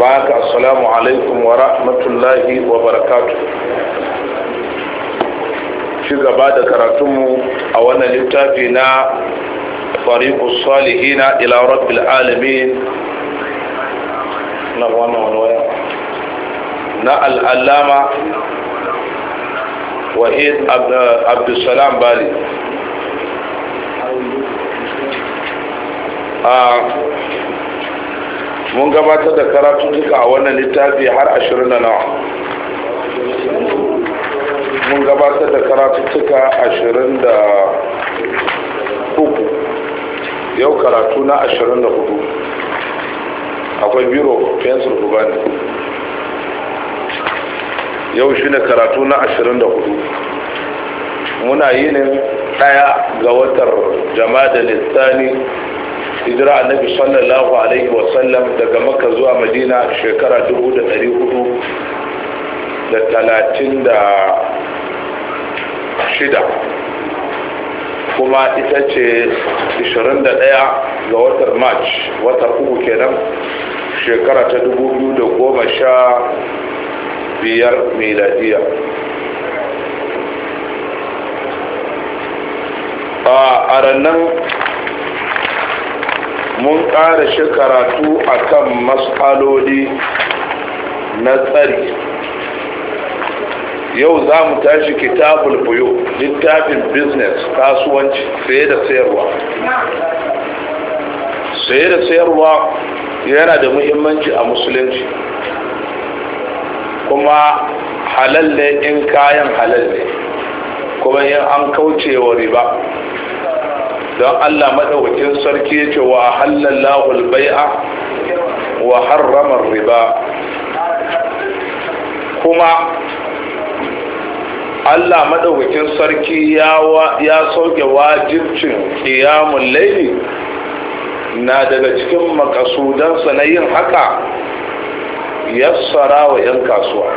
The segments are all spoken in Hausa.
baka assalamu alaikum wa rahmatullahi wa barakatuh ci gaba da karatunmu a wannan littafi na tariqus salihina ila rabbil alamin na wannan wani na al'allama wahid abdulsalam bali a mun gabatar da duka a wannan littafi har ashirin da nawa mun gabatar da duka ashirin da uku yau karatu na ashirin da hudu akwai biro fensir ne yau shi ne karatu na ashirin da hudu muna yinin daya ga watar jama'a da lissani hijira annabi sallallahu alaihi wasallam daga makka zuwa madina shekara 436 kuma ita ce 21 ga watan march watan uku kenan shekara ta 2015 miladiya a rannan mun ƙara shi karatu kan mas'aloli na tsari yau za mu tashi kitabul buyo littafin business kasuwanci saye da sayarwa saye da sayarwa yana da muhimmanci a musulunci kuma halalle in kayan halalle, kuma yin an kaucewa riba don Allah madaukakin sarki yace wa halallahu al wa harrama riba kuma Allah madaukakin sarki ya sauke wajibcin kiyamun laifi na daga cikin makasudansa na yin haka yassara wa 'yan kasuwa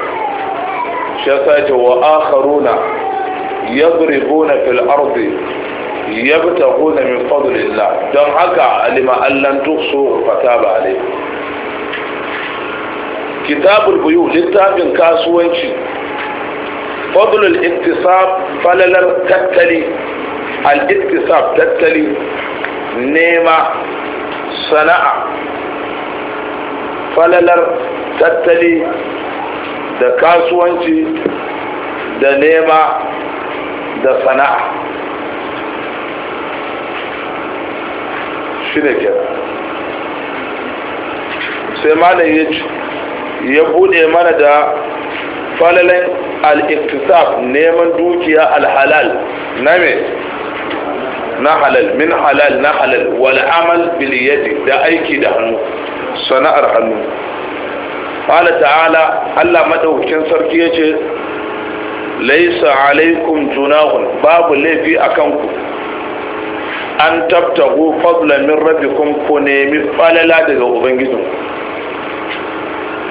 shi ya sa ce wa akharuna yadribuna fil ardi yabtaghuna min fadlillah don haka alima allan tuhsu fataba alayhi kitabul buyu littafin kasuwanci fadlul iktisab falalar tattali al tattali nema sana'a falalar tattali da kasuwanci da nema da sana'a shi ne kenan sai malam ya bude mana da falalan al-iktisab neman dukiya al-halal na me na halal min halal na halal wal amal bil yadi da aiki da hannu sana'ar hannu qala ta'ala Allah madaukakin sarki yace laisa alaikum junahun babu laifi akan ku an ku fadla min rabbikum ku nemi falala daga ubangijin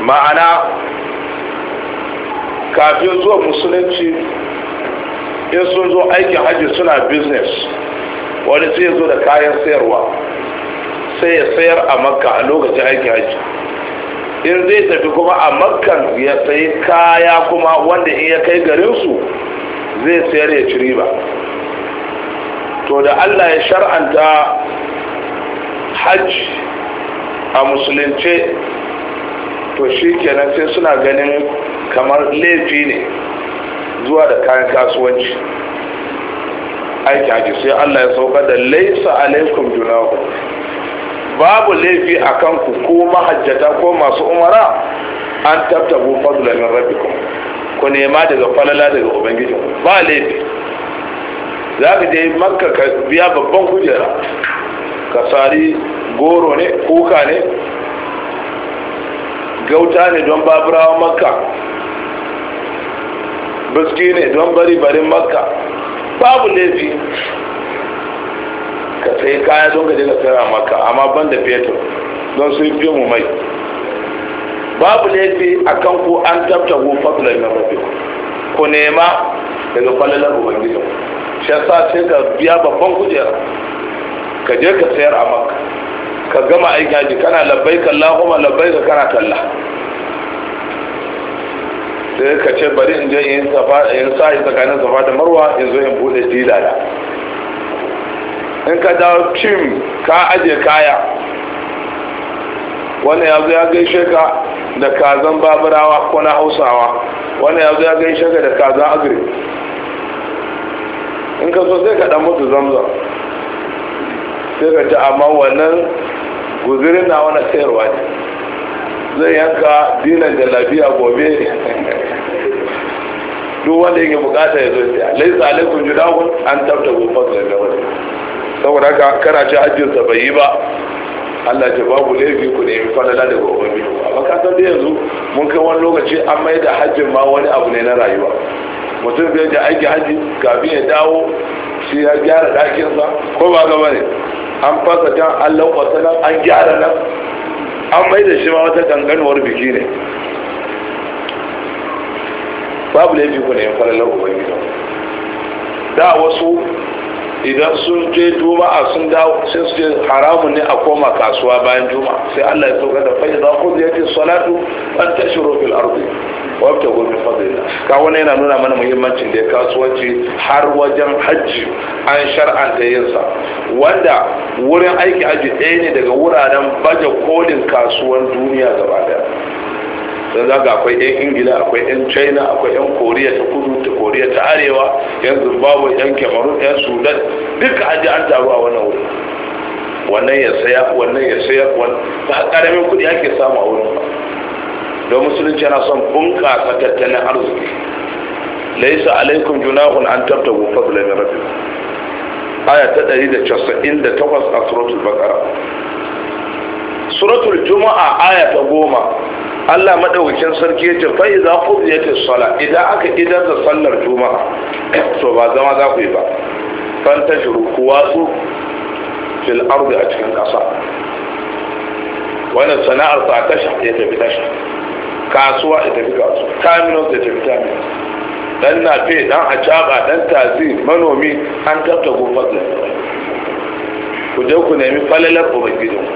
ma'ana kafin zuwa musulunci in sun zo aikin hajji suna business wani sai zo da kayan sayarwa sai ya sayar a makka a lokacin aikin hajji in zai tafi kuma a makkan ya sayi kaya kuma wanda in ya kai garinsu zai sayar ya ci riba to da Allah ya shar'anta hajji a musulunce to shi kenan sai suna ganin kamar laifi ne zuwa da kayan kasuwanci aiki haji sai Allah ya saukar da laisa alaikum junahu babu laifi a kanku ko mahajjata ko masu umara an tabtabu fadlan rabbikum ku nema daga falala daga ubangijin ba laifi za ka je makka ka biya babban kujera ka sari goro ne kuka ne gauta ne don baburawa makka biski ne don bari barin makka babu laifi ka sai kaya don ka je ka maka makka amma ban da fetur don sun fi mu mai babu laifi a kan ku an tabta ku fasular na mafi ku nema daga falalar ubangijinku shi yasa sai ka biya babban kujera ka je ka sayar a maka ka gama aiki haji kana labbai kalla kuma labbai ka kana talla sai ka ce bari in je in sa yi tsakanin safa da marwa in zo in bude dila da in ka dawo cim ka aje kaya wani ya zo ya gaishe ka da kazan baburawa ko na hausawa wani ya zo ya gaishe ka da kazan agri in ka so sai ka dan musu zamzam sai ka ci amma wannan guzirin na wani sayarwa ne zai yanka dinan da lafiya gobe duk wanda yake bukata ya zo sai laisa alaikum judahun an tabta gufan da wani saboda ka kana ci hajjin sa bai yi ba Allah ce babu laifi ku nemi falala daga ubangiji amma ka san da yanzu mun kai wani lokaci an mai da hajjin ma wani abu ne na rayuwa mutum zai da aiki haji kafin ya dawo shi ya gyara ɗakinsa ko ba ga bane an fasa can an lankwasa nan an gyara nan an mai da shi ma wata ganganuwar biki ne babu laifi ku ne in falalar da wasu idan sun je juma'a sun dawo sai su haramun ne a koma kasuwa bayan juma sai Allah ya tsoka da fayyar za ku ziyarci salatu an tashiru fil ardi wa ta gurbi fadila ka wani yana nuna mana muhimmancin da ya kasuwanci har wajen hajji an shar'anta yin wanda wurin aiki aji ɗaya ne daga wuraren baje kolin kasuwan duniya gaba daya don ga akwai 'yan ingila akwai 'yan china akwai 'yan koriya ta kudu ta koriya ta arewa 'yan zimbabwe 'yan cameroon 'yan sudan duka an ji an taru a wannan wuri wannan ya saya wannan ya saya ba karamin kudi ake samu a wurin ba don musulunci yana son bunƙasa tattalin arziki laisa alaikum junahun an tabtabu fadlan min rabi aya ta 198 a suratul bakara. suratul juma'a aya ta goma Allah madaukakin sarki ya ce fa'i za ku ya ce sala idan aka idan da sallar juma'a to ba zama za ku yi ba fan ta shiru ku watsu fil ardi a cikin ƙasa wannan sana'ar ta tasha ya tafi tasha kasuwa ya tafi kasuwa terminus ya tafi terminus dan na nafe dan acaba dan tazi manomi an tafta gumbar ku je ku nemi falalar ubangijinku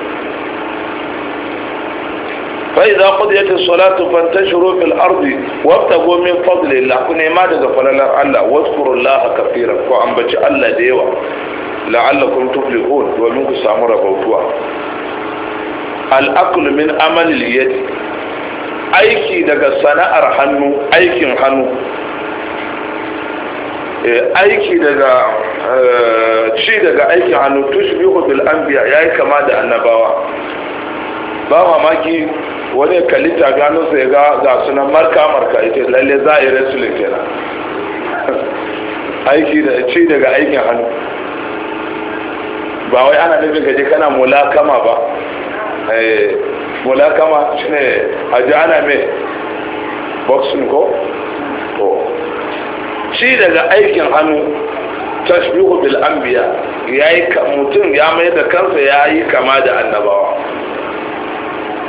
فإذا قضيت الصلاة فانتشروا في الأرض وابتغوا من فضل الله كنا ما دغ فللا الله واذكروا الله كثيرا فأنبت الله ديوا لعلكم تفلحون ومنك سامر بوتوا الأكل من عمل اليد aiki daga sana'ar hannu aikin hannu aiki daga ci daga aikin hannu tushbihu bil anbiya yayi kama da annabawa ba mamaki wani kalita gano sai ga ga sunan marka marka ita lalle za a yi wrestling kenan aiki da ci daga aikin hannu ba wai ana nufin gaje kana mulakama ba eh, mulakama shine a ji ana mai boxing ko ci daga aikin hannu tashbihu bil anbiya yayi mutum ya mai da kansa yayi kama da annabawa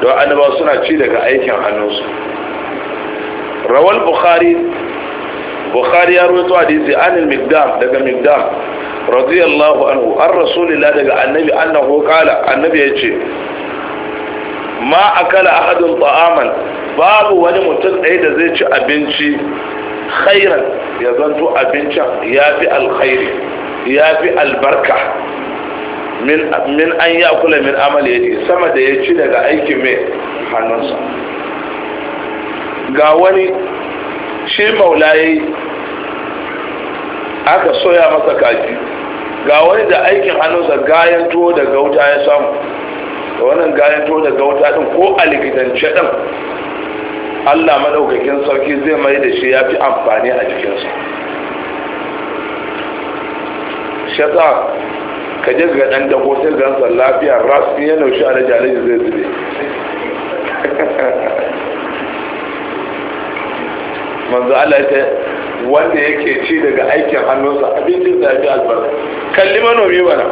don annaba suna ci daga aikin hannunsu rawal bukhari bukhari ya rawaito hadisi an al daga miqdam radiyallahu anhu an rasulillah daga annabi annahu qala annabi yace ma akala ahadun ta'aman babu wani mutum ɗaya da zai ci abinci khairan ya zanto abincin ya fi alkhairi ya fi albarka min an ya kula min amali ya sama da ya ci daga aikin mai hannunsa ga wani shi maula ya yi aka soya masa kaji ga wani da aikin hannunsa gayan tuwo da gauta ya samu da wannan gayan tuwo da gauta din ko a likitance din allah maɗaukakin sarki zai mai da shi ya fi amfani a jikinsa ka je ga dan dago sai ga san lafiya rasu ya naushi alaji alaji zai zube manzo Allah ya ce wanda yake ci daga aikin hannunsa abinci da fi albarka kalli manomi bana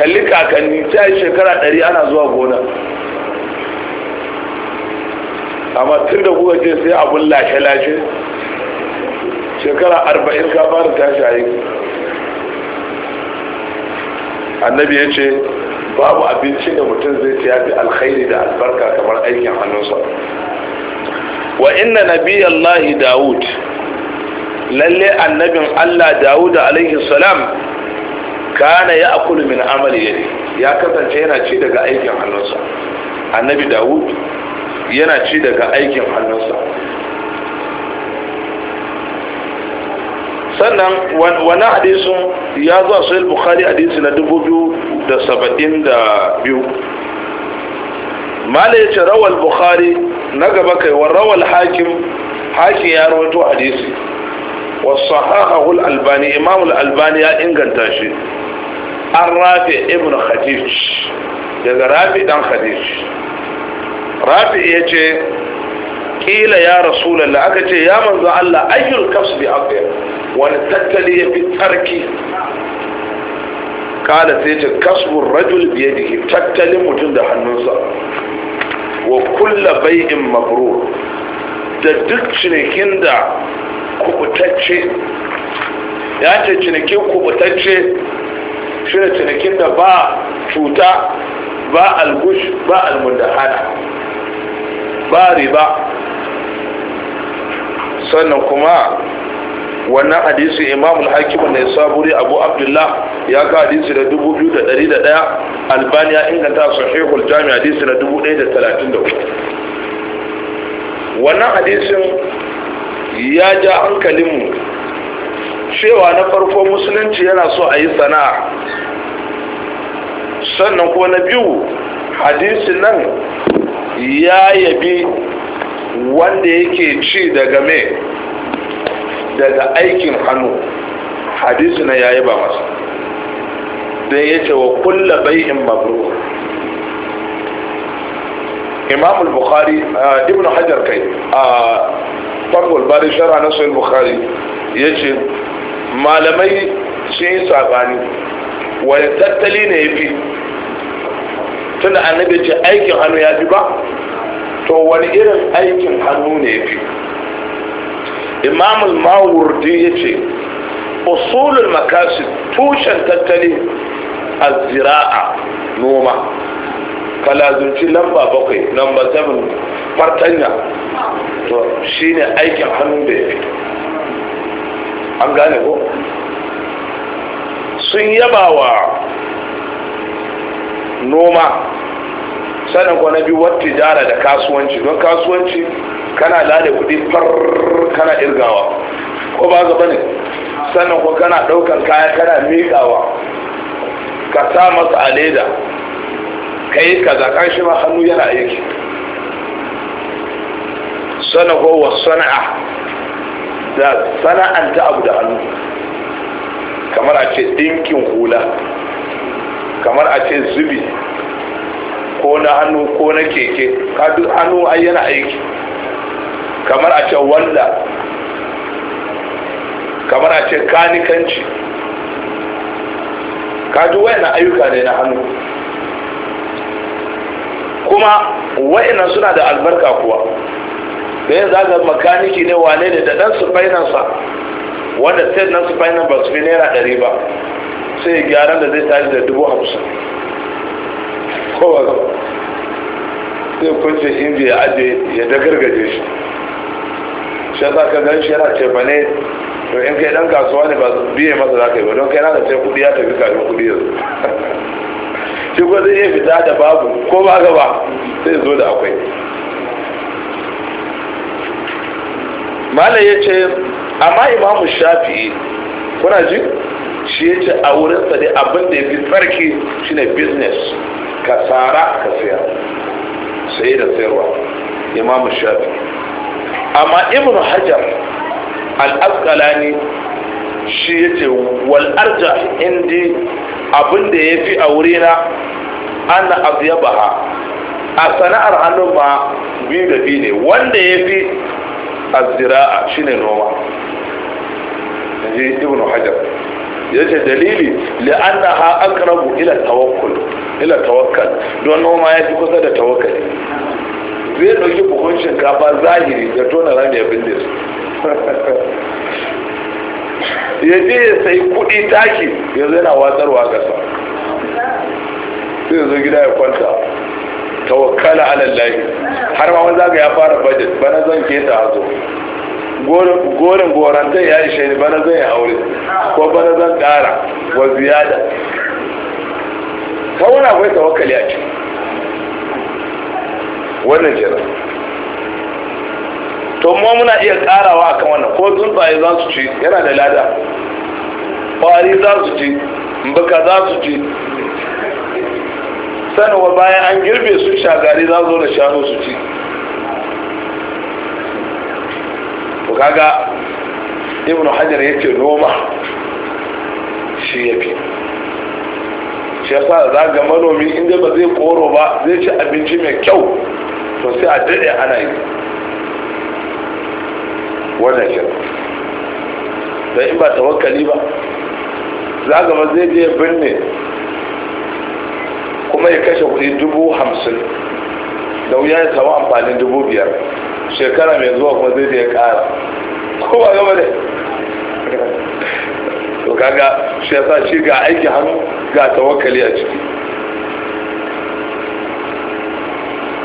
kalli kakanni ta yi shekara ɗari ana zuwa gona amma tun da kuka ce sai abun lashe-lashe shekara arba'in ka fara tashi yi annabi ya ce babu abinci da mutum zai ci yafi alkhairi da albarka kamar aikin hannunsa wa inna nabiyallahi dawud lalle annabin allah dawud alaihi salam kana ya akulu min amali ya kasance yana ci daga aikin hannunsa annabi dawud yana ci daga aikin hannunsa sannan wani hadisun ya zuwa sahih bukhari hadisi na dubu biyu da saba'in da biyu mala ya ce rawal bukhari na gaba kai wa rawal hakim hakim ya rawato hadisi wa sahahahul albani imamul albani ya inganta shi an rafi ibn khadij daga rafi dan khadij rafi ya ce kila ya rasulallah aka ce ya manzo Allah ayyul kafs bi abdi wani tattali ya fi tsarki kala sai ce kasbun rajul biye jiki tattalin mutum da hannunsa wa kulla bai'in mabrur da duk cinikin da kubutacce ya ce cinikin kubutacce shi da cinikin da ba cuta ba algush ba almundahana ba riba sannan kuma wannan hadisi imam al-hakim ne saburi abu abdullah ya ka hadisi da 2101 albani ya inganta sahihul jami hadisi na 1034 wannan hadisin ya ja hankalinmu cewa na farko musulunci yana so a yi sana'a sannan ko na biyu hadisin nan ya yabi wanda yake ci daga me daga aikin hannu hadisi na yayi ba masa don ya ce wa kulla bai'in mabru imam al-bukhari ibn hajar kai a farko bari shara na sahih bukhari ya ce malamai sun yi sabani wani tattali ne ya fi tunda annabi ce aikin hannu ya fi ba to wani irin aikin hannu ne fi imamul mawurdi ya ce usulul makasid tushen tattali a zira'a noma kalazunci lamba bakwai lamba 7 fartanya to shi ne aikin hannu da ya fi an gane ko sun yaba wa noma sannan kuwa na biyu wata jara da kasuwanci don kasuwanci kana lada kudi far kana irgawa ko ba zaba ne sannan kuwa kana ɗaukar kaya kana miƙawa ka sa masa a leda ka yi kaza kan shi ma hannu yana aiki sannan kuwa wa sana'a da sana'anta abu da hannu kamar a ce ɗinkin hula kamar a ce zubi ko na hannu ko na keke ka duk hannu ai yana aiki kamar a ce wanda kamar a ce kanikanci ka duk wayannan ayyuka ne na hannu kuma wayannan suna da albarka kuwa da yin zaga makaniki ne wane ne da dan su fainansa wanda sai dan su fainan ba su fi naira 100 ba sai gyaran da zai tashi da dubu hamsin kowa sai kunce inji ajiye aje ya dagargaje shi shi za ka gan shi yana ce ba ne to in kai dan kasuwa ne ba biye masa za ka yi ba don kai na da ce kudi ya tafi kafin kudi yanzu shi ko zai iya fita da babu ko ba gaba sai zo da akwai mala ya ce amma imamu shafi'i kuna ji shi ya ce a wurinsa dai abin da ya fi tsarki shine business ka tsara ka siya sai da sayarwa imamu shafi amma ibn hajar al-asqalani shi ya ce wal indi abin da ya fi a wurina an na baha, a sana'ar hannun ma biyu da biyu ne wanda ya fi a shine noma in ji ibn hajar yace dalili li'annaha aqrabu ila tawakkul ila tawakkal don noma ya fi kusa da tawakkali zai dauki buhun shinkafa zahiri da tona rami abin da su ya je ya sai kudi taki ya zai na watsarwa gasa sai ya zo gida ya kwanta tawakkala ala lahi har ma wani zaga ya fara budget bana zan keta hazo gorin goranta ya ishe ni bana zan yi aure ko bana zan ƙara wa ziyada kawuna akwai tawakkali a ciki wannan jira to mu muna iya ƙarawa akan wannan ko tsuntsaye za su ci yana da lada ƙwari za su ci mbuka za su ci sanarwa bayan an girbe su shagari za zo da shanu su ci kaga ibnu hajar ya ce noma shi ya fi shi ya sa za ga manomi inda ba zai koro ba zai ci abinci mai kyau to sai a daɗe ana yi wannan shi da in ba tawakkali ba za ga ba zai je birni kuma ya kashe kuɗi dubu hamsin da wuya ya samu amfanin dubu biyar shekara mai zuwa kuma zai da ya kara ko ba gaba ne to kaga shi yasa shi ga aiki hannu ga tawakkali a ciki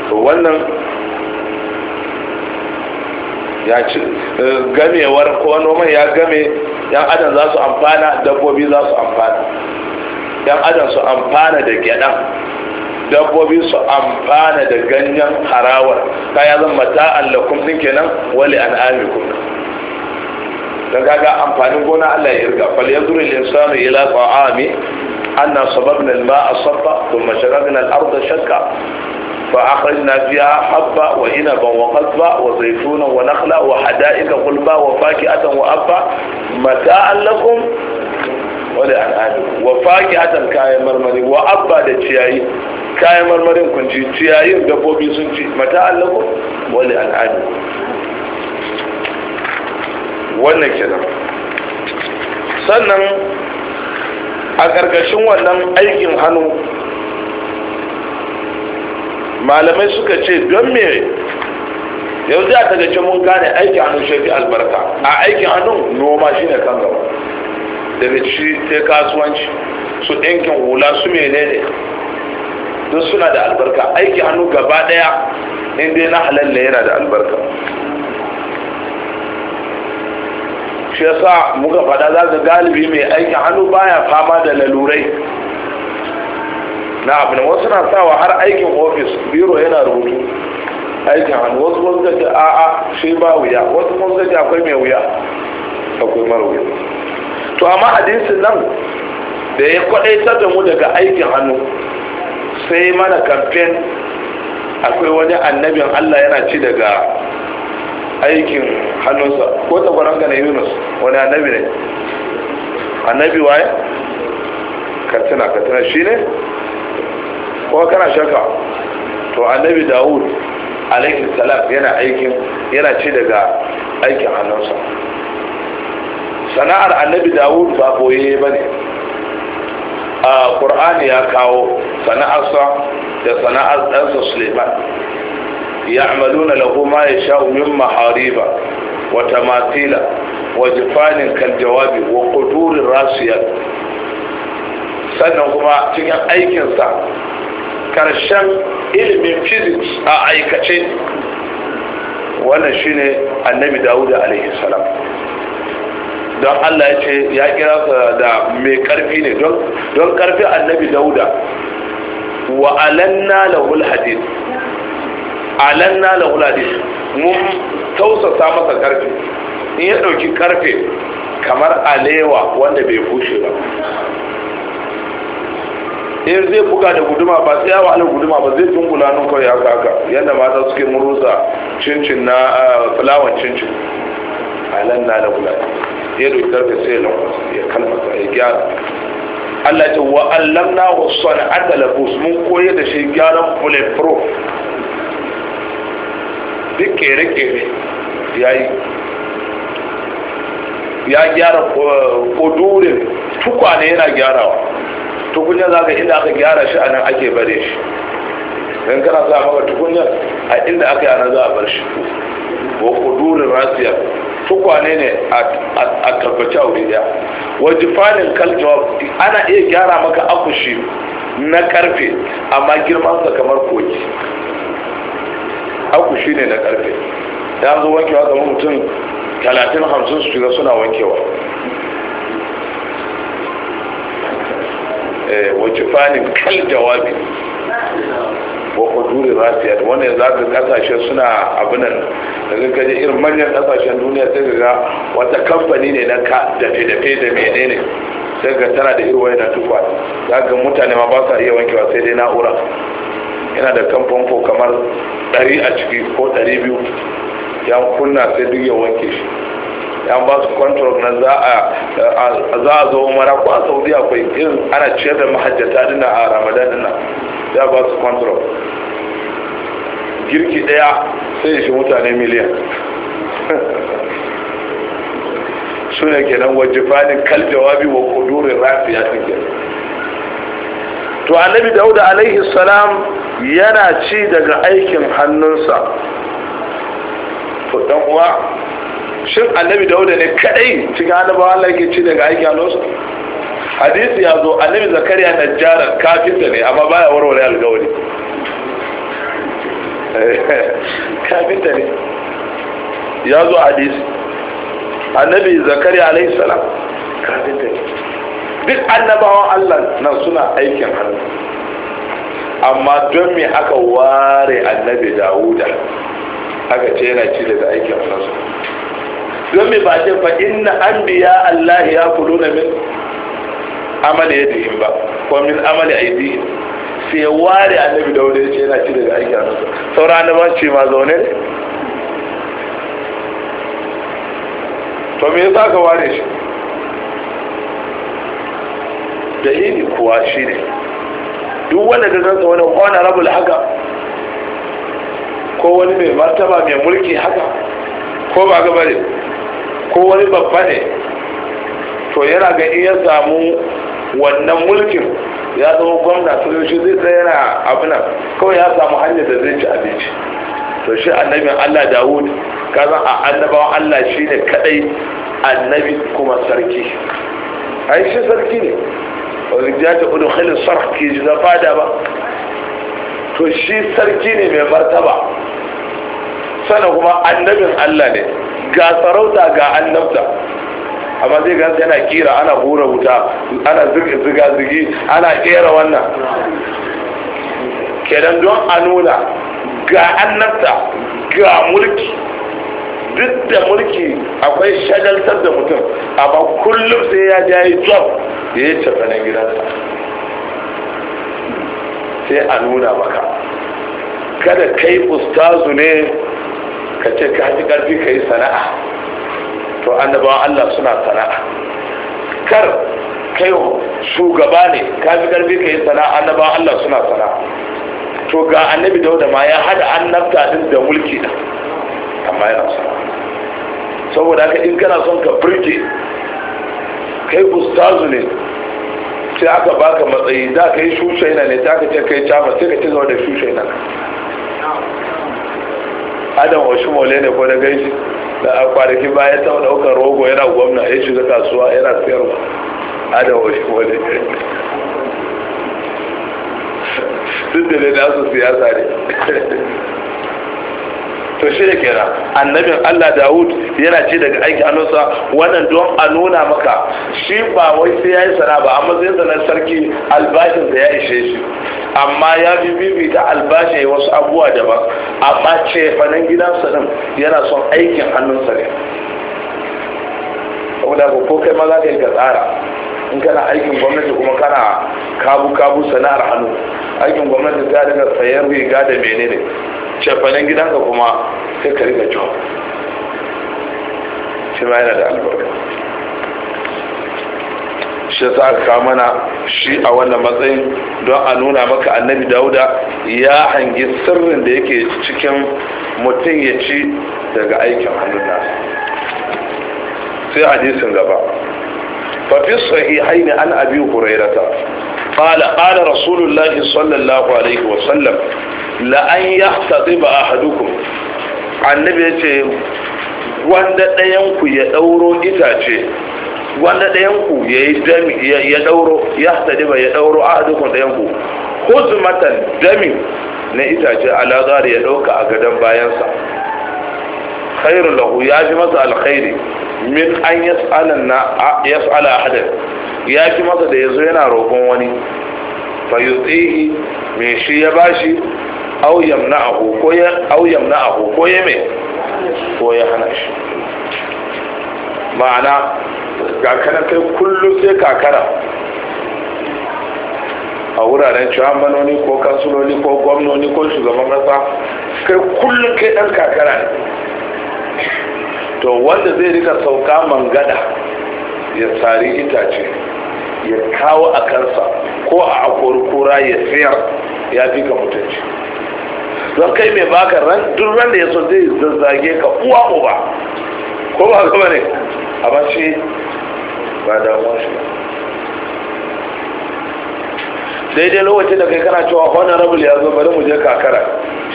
to wannan ya ci eh, gamewar ko noman ya game yan adam za su amfana dabbobi za su amfana yan adam su amfana da gyaɗa dabbobi su amfana da ganyen harawar ta ya zama mata'an lakum din kenan wali an'amikum dan kaga amfanin gona Allah ya irga fal yanzuru al-insanu ila ta'ami anna sababna al-ma'a sabba thumma Wa al-ardha shaqqa Wa فيها حبا وعنبا وقضبا وزيتونا ونخلا وحدائق غلبا وفاكهة وأبا متاعا لكم kayan marmari. Wa مرمري da ciyayi. kayan marmarin kunci ciyayin dabbobi sun ci mata allahu wani al'adu wannan kenan sannan a ƙarƙashin wannan aikin hannu malamai suka ce don me yau za ta gace mun gane aikin hannu shafi albarka a aikin hannu noma shine kan gaba daga ci ta kasuwanci su ɗinkin hula su menene don suna da albarka aiki hannu gaba daya inda na halalla yana da albarka shi yasa muka fada za ga galibi mai aiki hannu baya fama da lalurai na abin wasu na sawa har aikin ofis biro yana rubutu aikin hannu wasu wasu gaji a a shi ba wuya wasu wasu gaji akwai mai wuya akwai mara wuya to amma hadisin nan da ya kwadaitar da mu daga aikin hannu sai mana kamfen akwai wani annabin allah yana ci daga aikin hannunsa ko tsakwaron gane yunus wani annabi ne annabi waye katsina katsina shi ne ko kana shaka to annabi dawud alaikin salam yana aikin yana ci daga aikin hannunsa sana'ar annabi dawud ba boye ba ne ƙur'ani ya kawo sana'arsa da sana'ar ɗansa suleiman يعملون له ما يشاء من محاريب وتماثيل kan jawabi وقدور الراسيات sannan kuma cikin aikinsa karshen ilimin fizik a aikace wannan shine annabi dawuda alaihi salam don Allah ya ce ya kira da mai karfi ne don karfi annabi dauda wa alanna lahul hadith alanna lahul hadith mun tausasa masa karfi in ya dauki karfe kamar alewa wanda bai bushe ba in zai buga da guduma ba sai yawa ala guduma ba zai dungula nun kawai haka haka yadda mata suke murusa cincin na ah, fulawan cincin na da wula ya dokar da sai ya lankwasa ya kalmasa ya gyara Allah ce wa allamna wa sana'ata labus mun koyar da shi gyaran bulletproof duk kere-kere ya yi ya gyara kodurin eh, tukwane yana gyarawa tukunya za ka inda aka gyara shi a nan ake bare shi don kana za a maka tukunya a inda aka yana za a bar shi ko kudurin rasiyar tukwane ne a tabbaci a wuri daya wajifanin kaljawab ana iya gyara maka akushi na karfe amma sa kamar koki akushi ne na karfe ya zo wankewa kamar mutum talatin hamsin su shiga suna wankewa eh, wajifanin kaljawabi wa su yadda wani za su kasashe suna abinan da kaje irin manyan kasashen duniya sai ga wata kamfani ne na ka dafe-dafe da menene sai ga tana da irin na tukwa ga mutane ma ba sa iya wankewa sai dai na'ura yana da famfo kamar 100 a ciki ko 200 yan kunna sai duk ya wanke shi an ba su contract na za a zo mara ko a saudi akwai irin ana ciyar da mahajjata dina a ramadan dina za ba su contract girki daya sai shi mutane miliyan su ne ke nan kenan fadin kal jawabi wa kudurin rafiya take to annabi dauda alaihi salam yana ci daga aikin hannunsa to dan uwa shin annabi dauda ne kadai cikin annabawa Allah yake ci daga aiki hannunsa hadisi ya zo annabi zakariya na jarar kafinta ne amma baya warware alkawari eh, kafinta ne ya zo hadisi annabi zakariya alaihi salam kafinta ne duk annabawan Allah nan suna aikin hannu amma don me aka ware annabi dawuda aka ce yana ci daga aikin hannu don mai ba ce fa inna biya Allah ya na min amali dihin ba ko min amali aidihim sai ware annabi da wanda ce yana ci daga aiki a nasa sauran annaban ce ma zaune ne to me yasa ka ware shi dalili kuwa shi ne. duk wanda ka gansa wani honorable haka ko wani mai martaba mai mulki haka ko ba gaba ne ko wani babba ne to yana ga iya ya samu wannan mulkin ya zama gwamna sun shi zai tsaye yana abin kawai ya samu hanyar da zai ci abinci to shi annabin allah dawud ka san a annabawan allah shi ne kadai annabi kuma sarki ai shi sarki ne wani ya ta kudu halin sarki ji na fada ba to shi sarki ne mai martaba sannan kuma annabin allah ne ga sarauta ga annabta amma zai gan yana kira ana hura wuta ana ziga-zigi ana kera wannan kenan don a nuna ga annabta ga mulki duk da mulki akwai shagaltar da mutum amma kullum sai ya ja yi job da ya ce na gidansa sai a nuna maka kada kai ustazu ne ka ce ka ji karfi ka yi sana'a to annabawan Allah suna sana'a kar kai shugaba ne ka fi karfi ka yi sana'a annabawan Allah suna sana'a to ga annabi dauda ma ya hada annabta din da mulki da amma yana sana'a saboda haka in kana son ka birge kai ustazu ne sai aka baka matsayi za ka yi shushaina ne za ka ce kai cama sai ka ci gaba da shushaina adam wa shi mole ne ko na gaishi da a kwanaki baya ta daukar rogo yana gwamna ya shiga kasuwa yana sayarwa adam wa mole duk da ne su siyasa ne to shi da kera annabin Allah Dawud yana ce daga aiki annonsa wannan don a nuna maka shi ba wai sai ya sana ba amma zai zana sarki albashin da ya ishe shi amma ya bi bibi ta albashi wasu abubuwa daban A ce fanan gidansa din yana son aikin hannunsa ne Da ko kai ma za ka yi ka tsara in kana aikin gwamnati kuma kana kabu-kabu sana'ar hannu aikin gwamnati ta daga sayar riga da menene cefanen gidanka kuma sai ka riga cewa shi ma yana da albarka shi sa ka mana shi a wannan matsayin don a nuna maka annabi dauda ya hangi sirrin da yake cikin mutum ya ci daga aikin hannun nasa sai hadisin gaba ففي الصحيحين عن أبي هريرة قال قال رسول الله صلى الله عليه وسلم لأن يحتضب أحدكم annabi ya ce wanda ɗayanku ya ɗauro itace wanda ɗayanku ya yi dami ya ɗauro ya haɗaɗiba ya ɗauro a ɗayanku na itace alazar ya ɗauka a gadon bayansa khairun lahu ya fi masa alkhairi min an yas'ala ahadan ya fi masa da yazo yana roƙon wani fa yutihi me shi ya bashi aw yamna'ahu ko ya aw yamna'ahu ko ya me ko ya hana shi ma'ana kana kai kullum sai kakara a wuraren shugabanoni ko kansuloli ko gwamnoni ko shugaban kasa kai kullum kai dan kakara ne to wanda zai rika sauka mangada ya tsari itace ya kawo a kansa ko a akorkura ya tsayar ya fi ka mutunci don kai mai baka ran duk ran da ya so zai zazzage ka uwa uba ko ba gaba ne a ba ce ba da shi daidai lokacin da kai kana cewa honorable ya zo bari mu je kakara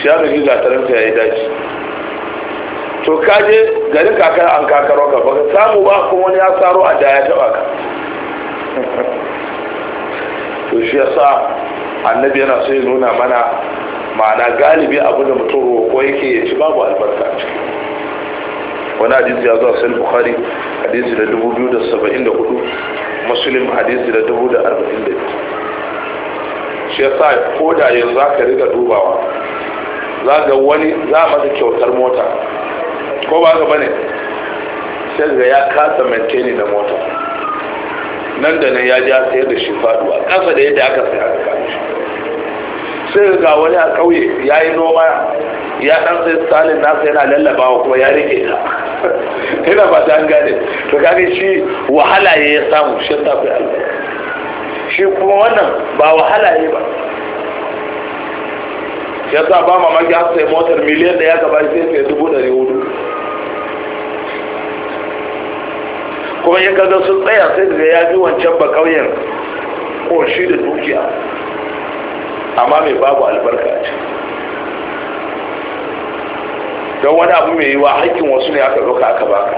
shi ya mai gatarin ta ya yi daji to kaje garin kakar an kakaro ka baka samu ba kuma wani ya saro a da ya taba ka to shi yasa annabi yana so ya nuna mana ma'ana galibi abu da mutum roƙo yake ya ci babu albarka a ciki wani hadisi ya zuwa sai bukhari hadisi da dubu biyu da saba'in da hudu muslim hadisi da dubu da arba'in da biyu shi yasa ko da yanzu za ka riga dubawa za ga wani za a masa kyautar mota ko ba ka bane sai ga ya kasa maintain da mota nan da nan ya ja sayar da shi faɗuwa kasa da yadda aka saya aka kawo sai ga wani a kauye ya yi noma ya dan sai salin nasa yana lallabawa kuma ya rike ta ina ba ta gane to kage shi wahala ya samu shi ta fi shi kuma wannan ba wahala ya ba ya sa ba mamaki har sai motar miliyan da ya gaba sai sai dubu ɗari hudu kuma ya kaga sun tsaya sai daga ya ji wancan ba ƙauyen ƙoshi da dukiya amma mai babu albarka a don wani abu mai yiwa haƙƙin wasu ne aka ɗauka aka baka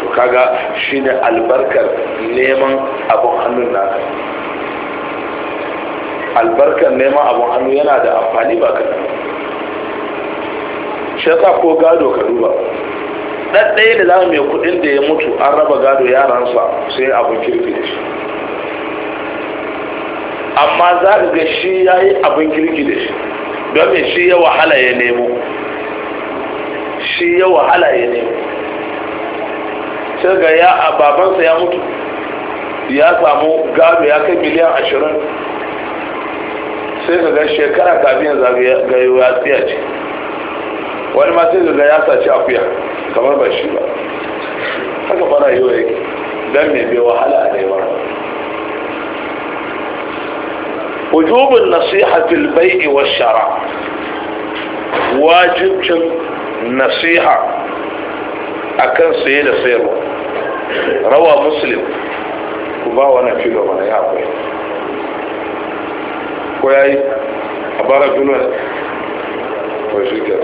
to kaga shine albarkar neman abin hannun naka albarkar neman abin hannu yana da amfani ba kaɗan shi ko gado ka duba ɗaya da za mai kuɗin da ya mutu an raba gado yaransa sai abin kirki da shi amma za ka ga shi ya yi abin kirki da shi don mai shi ya wahala ya nemo shi ya wahala ya nemo sai ga ya a babansa ya mutu ya samu gado ya kai miliyan ashirin sai ka ga shekara kafin zagayewa ya tsiya wani ma sai daga ya sace akuya kamar ba shi ba haka fara yi wa yake don mai bai wahala a daiwa wujubin nasiha fil bai'i wa shara wajibcin nasiha akan saye da sayarwa rawa muslim ku ba wani filo mana ya akwai ko yayi a bara to shi ke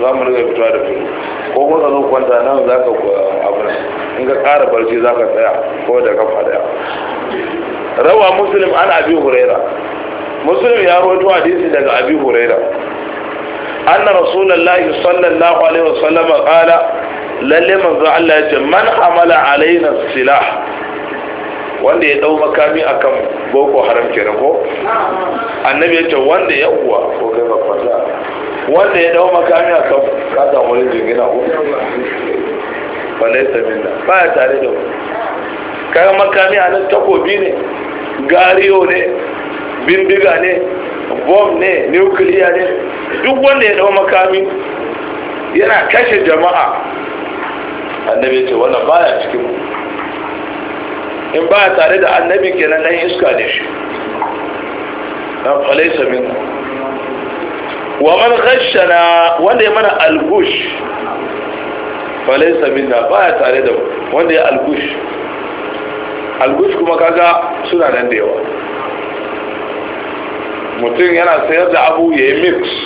za mu rika fitowa da filo ko kuma zo kwanta nan za ka abu in ka kara barci za ka tsaya ko da kafa daya rawa musulun an abi huraira musulun ya rawaito hadisi daga abi huraira anna rasulullahi sallallahu alaihi wasallam qala lalle manzo Allah ya ce man amala alaina silah wanda ya dau makami akan boko haram kenan ko annabi ya ce wanda ya uwa ko kai ba kwanta wanda ya dau makami akan ka samu wani jingina ko balai samina ba ya tare da mu kayan makami a nan takobi ne gariyo ne bindiga ne bom ne nukiliya ne duk wanda ya dau makami yana kashe jama'a annabi ce wannan baya cikin mu in ba tare da annabi kenan dan iska ne shi na falaisa min wa man khashana wanda ya mana algush falaisa min ba tare da wanda ya algush algush kuma kaga suna nan da yawa mutum yana sayar da abu ya yi mix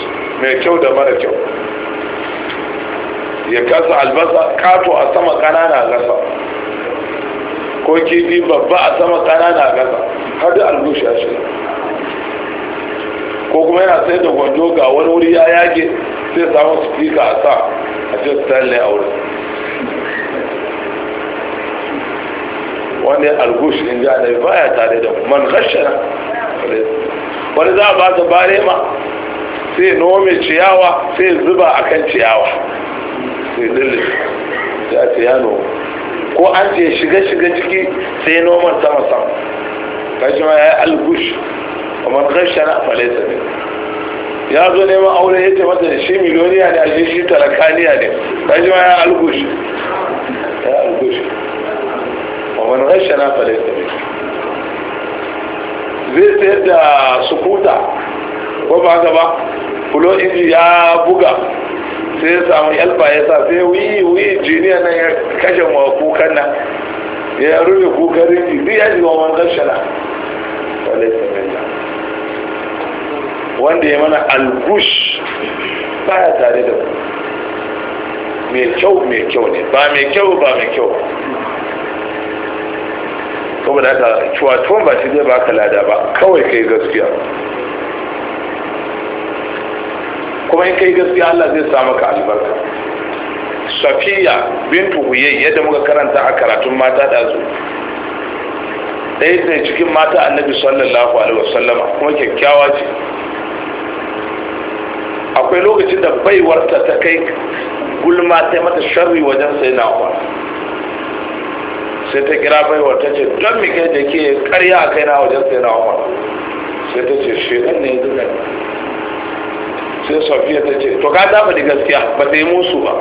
mai kyau da mara kyau ya kasa albasa kato a sama kanana a gasa ko kifi babba a sama ƙanana a ƙasa har da albushi a shi ko kuma yana sai da gwanjo ga wani wuri ya yage sai samun spika a sa a ce stanley a wurin wani algush in ji annabi baya tare da man khashana wani za a ba ta bare ma sai nome ciyawa sai zuba akan ciyawa sai lullu sai a ce ya nome ko an ce shiga shiga ciki sai noman sama sama shi ma ya yi algush kamar karshen falaisa ne ya zo neman aure ya ce masa shi miliyoniya ne a shi shi talakaniya ne shi ma ya yi algush ya algush kamar karshen falaisa ne zai sayar da sukuta ko ba gaba fulo inji ya buga sai ya samu yalfa ya sa sai wuyi wuyi jiniya nan ya kashe ma kukan nan ya rufe kukan rinji duk ya jiwa wanzan na wanda ya mana algush ba ya tare da ku mai kyau mai kyau ne ba mai kyau ba mai kyau saboda haka cuwatuwan ba shi zai baka lada ba kawai kai gaskiya kuma in kai gaskiya Allah zai sa maka albarka safiya bintu huyai yadda muka karanta a karatun mata da su ɗaya ne cikin mata annabi sallallahu alaihi wasallam kuma kyakkyawa ce akwai lokacin da baiwarta ta kai gulma ta mata sharri wajen sai na sai ta kira baiwar ta ce don mi kai da ke karya a kai na wajen sai na sai ta ce shekan ne ya sai safiya ta ce to ka zaba da gaskiya ba ta yi musu ba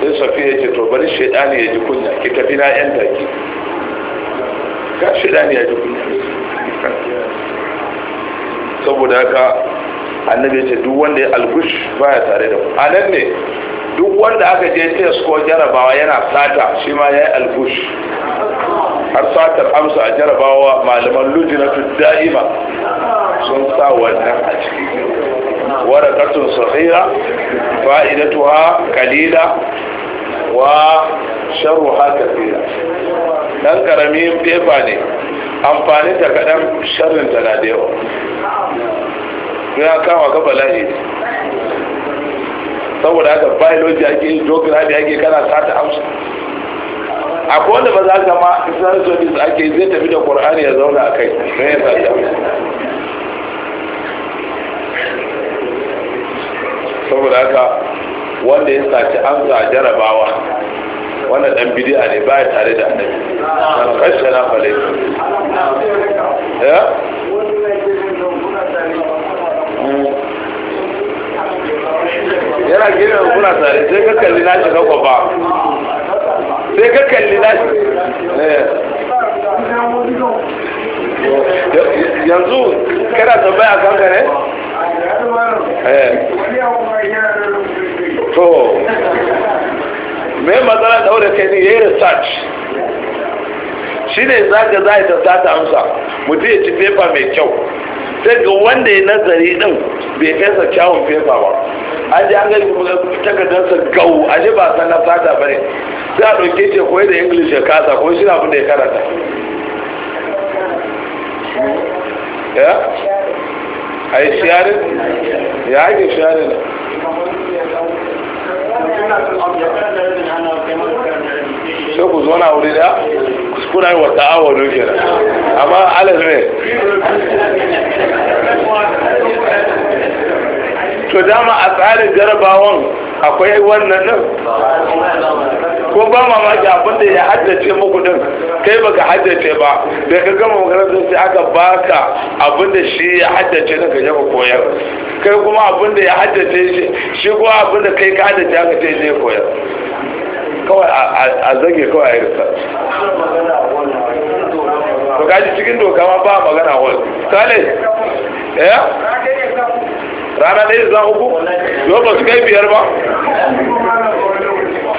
sai safiya ce to bari shaidani ya ji kunya ki tafi na yan daki ka shaidani ya ji kunya saboda haka annabi ce duk wanda ya algush baya tare da ku a nan ne duk wanda aka je test ko jarabawa yana sata shi ma ya yi algush har satar amsa a jarabawa malaman lujinatu da'ima sun sa wannan a ciki warakatun sahira fa'idatuha kalila wa sharuha kafira dan karamin pepa ne amfani ta kaɗan sharrin na da ya kama ga bala'i saboda haka biology ake yi geography ake kana sata amsa A wanda ba za ka ma islamic studies ake zai tafi da qur'ani ya zauna a kai don ya sata saboda haka wanda ya saci an sa jarabawa wannan dan bid'a ne baya tare da annabi dan kashana falai ya yana gina kuna tare sai ka kalli na shi kakwa ba sai ka kalli na shi eh. yanzu kana tambaya kanka ne? Eh. to mai matsala daura kai ne ya yi research shi ne zaga za a yi ta ta amsa mutu ya ci fefa mai kyau sai ga wanda ya nazari din bai sa kyawun fefa ba an ji an gani takardarsa gau a ba san na fata ba ne sai a ɗauke shi koyi da english ya kasa ko shi na abin da ya karanta ya a yi shiyarin ya ake shiyarin sai ku zo wuri da kuskura yi wata awa amma ne to dama a tsarin jarabawan akwai wannan nan ko ba mamaki abinda ya haddace muku din kai baka haddace ba da ka gama makarantar sai aka baka abinda shi ya haddace din ka jama koyar kai kuma abinda ya haddace shi shi kuma abinda kai ka haddace aka ce zai koyar kawai a zage kawai a yi irisa to kaji cikin doka ma ba magana wani sale ya? Eh? rana ɗaya za uku yau ba su kai biyar ba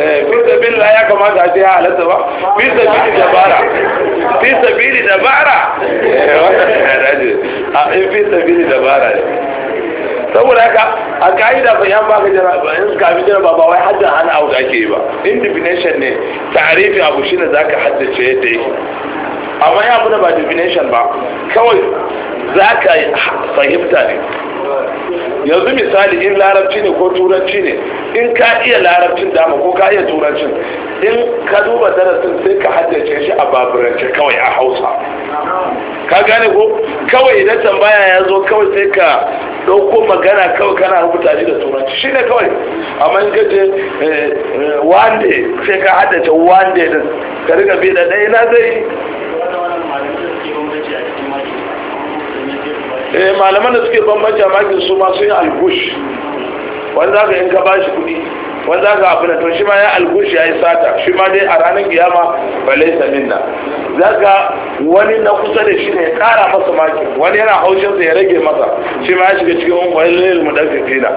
fi eh, la ya kamata a ce ya halatta ba fi da dabara fi sabili dabara eh, a eh, fi da dabara ne saboda haka a ka'ida fa yan baka jira ba in ka bi jira ba ba wai hadda hana abu da ake yi ba in definition ne ta'arifi abu za ka haddace yadda yake amma ya abu da ba definition ba kawai za ka fahimta ne yanzu misali in larabci ne ko turanci ne in ka iya larabcin dama ko ka iya turancin in ka duba darasin sai ka haddace shi a baburance kawai a hausa ka gane ko kawai idan tambaya ya zo kawai sai ka ɗauko magana kawai kana rubuta shi da turanci shi ne kawai amma in gaje wande eh, eh, sai ka haddace wande din ka riga bi da ɗaya na zai eh malaman da suke bambanci a makin su ma sun yi algush wani za ka in ka bashi kuɗi wani za ka abu na to shi ma ya algush ya yi sata shi ma dai a ranar kiyama ba laisa na, za ka wani na kusa da shi ne ya ƙara masa makin wani yana haushinsa ya rage masa shi ma ya shiga cikin wani lalil mu ɗan fifina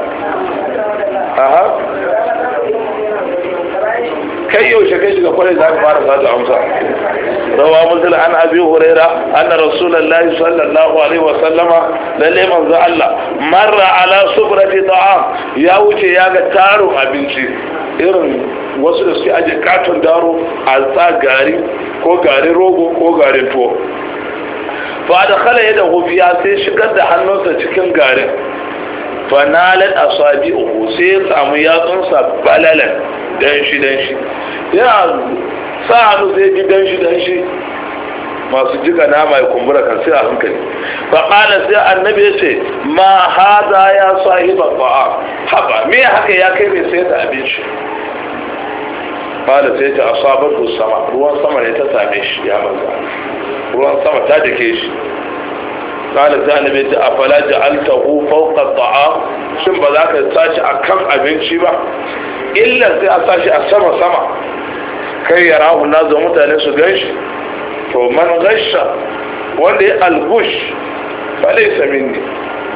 aha kai yaushe kai shiga kwarai za ka fara sata amsa rawa muslim an abi Hurera anna rasulullahi sallallahu alaihi wa sallama lalle manzo Allah marra ala subrati ta'am ya wuce ya ga taro abinci irin wasu da suke aje katon daro a sa gari ko garin rogo ko garin tuwo fa da khala yadahu fiya sai shigar da hannunsa cikin garin fanalat asabi'uhu sai ya samu yatsunsa balalan danshi danshi yana sa hannu sai ji danshi danshi masu jika nama ya kumbura kan sai a hankali fa sai annabi ce ma haza ya sahiba ta'am haba me haka ya kai mai sayar da abinci qala sai ta asabar sama ruwan sama ne ta same shi ya manzo ruwan sama ta dake shi kala ta a ta afala ja'altahu fawqa ta'am shin ba za ka sashi akan abinci ba illa sai a sashi a sama sama kai ya rahu na zo mutane su ganshi to man gasha wanda ya algush fa laysa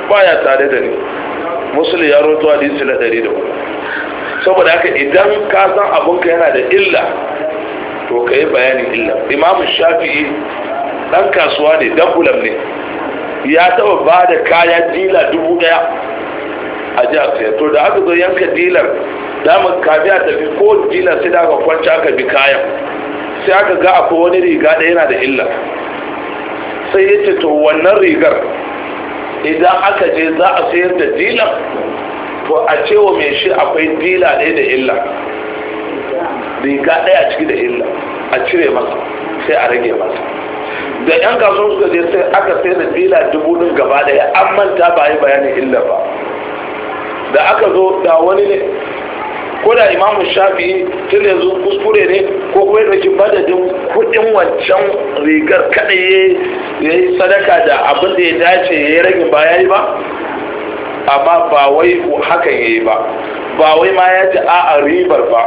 Ba ya tare da ni musulun ya roto hadisi na ɗari da saboda haka idan ka san abinka yana da illa to ka yi bayanin illa imamu shafi'i ɗan kasuwa ne dan bulam ne ya taba ba da kayan dila dubu daya a jihar sai to da aka zo yanka dilar damar kafi a tafi ko dilar sai da aka kwanci aka bi kayan sai aka ga akwai wani riga da yana da illa sai ya to wannan rigar idan aka je za a sayar da dilar to a cewa mai shi akwai dila ɗaya da illa riga ɗaya ciki da illa a cire masa sai a rage masa da yan kasuwar suka je sai aka sai da dila dubu din gaba daya an manta ba yi bayanin illa ba da aka zo da wani ne ko da imamu shafi tun yanzu kuskure ne ko kuma yadda madadin kudin wancan rigar kaɗai ya yi sadaka da abin da ya dace ya yi ragin ba ya yi ba amma ba wai hakan ya yi ba ba wai ma ya ji a'a ribar ba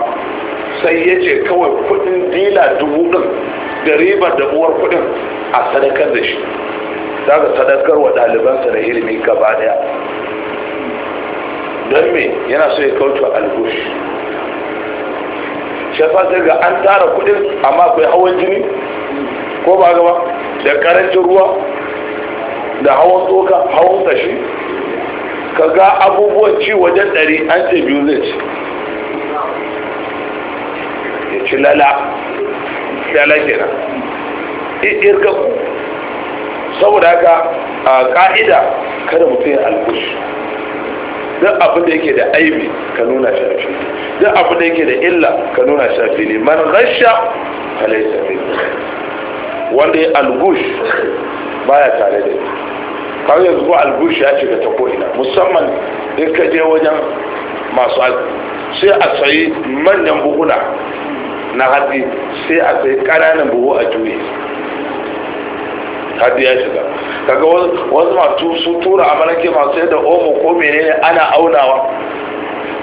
sai ya ce kawai kudin dila dubu ɗin da ribar da uwar kudin a sadakar da shi za ka sadakar wa ɗalibansa da ilimi gaba daya don me yana so ya a algush shafa sai ga an tara kudin amma akwai hawan jini ko ba gaba da karancin ruwa da hawan tsoka hawan kashi ka ga abubuwan ci wajen ɗari an ce biyu zai ci ya ci lala lala kenan irka saboda haka a ka'ida kada mutum ya alkushi duk abin da yake da aibi ka nuna shi a fili duk abin da yake da illa ka nuna shi a fili man rasha falai sabi wanda ya algush baya tare da kawai yanzu ko algush ya shiga ta ko'ina musamman in ka je wajen masu sai a sayi manyan buhuna na hatsi sai a sai ƙananan buhu a juye hatsi ya shiga kaga wasu masu su tura amalanke masu yadda omo ko menene ana aunawa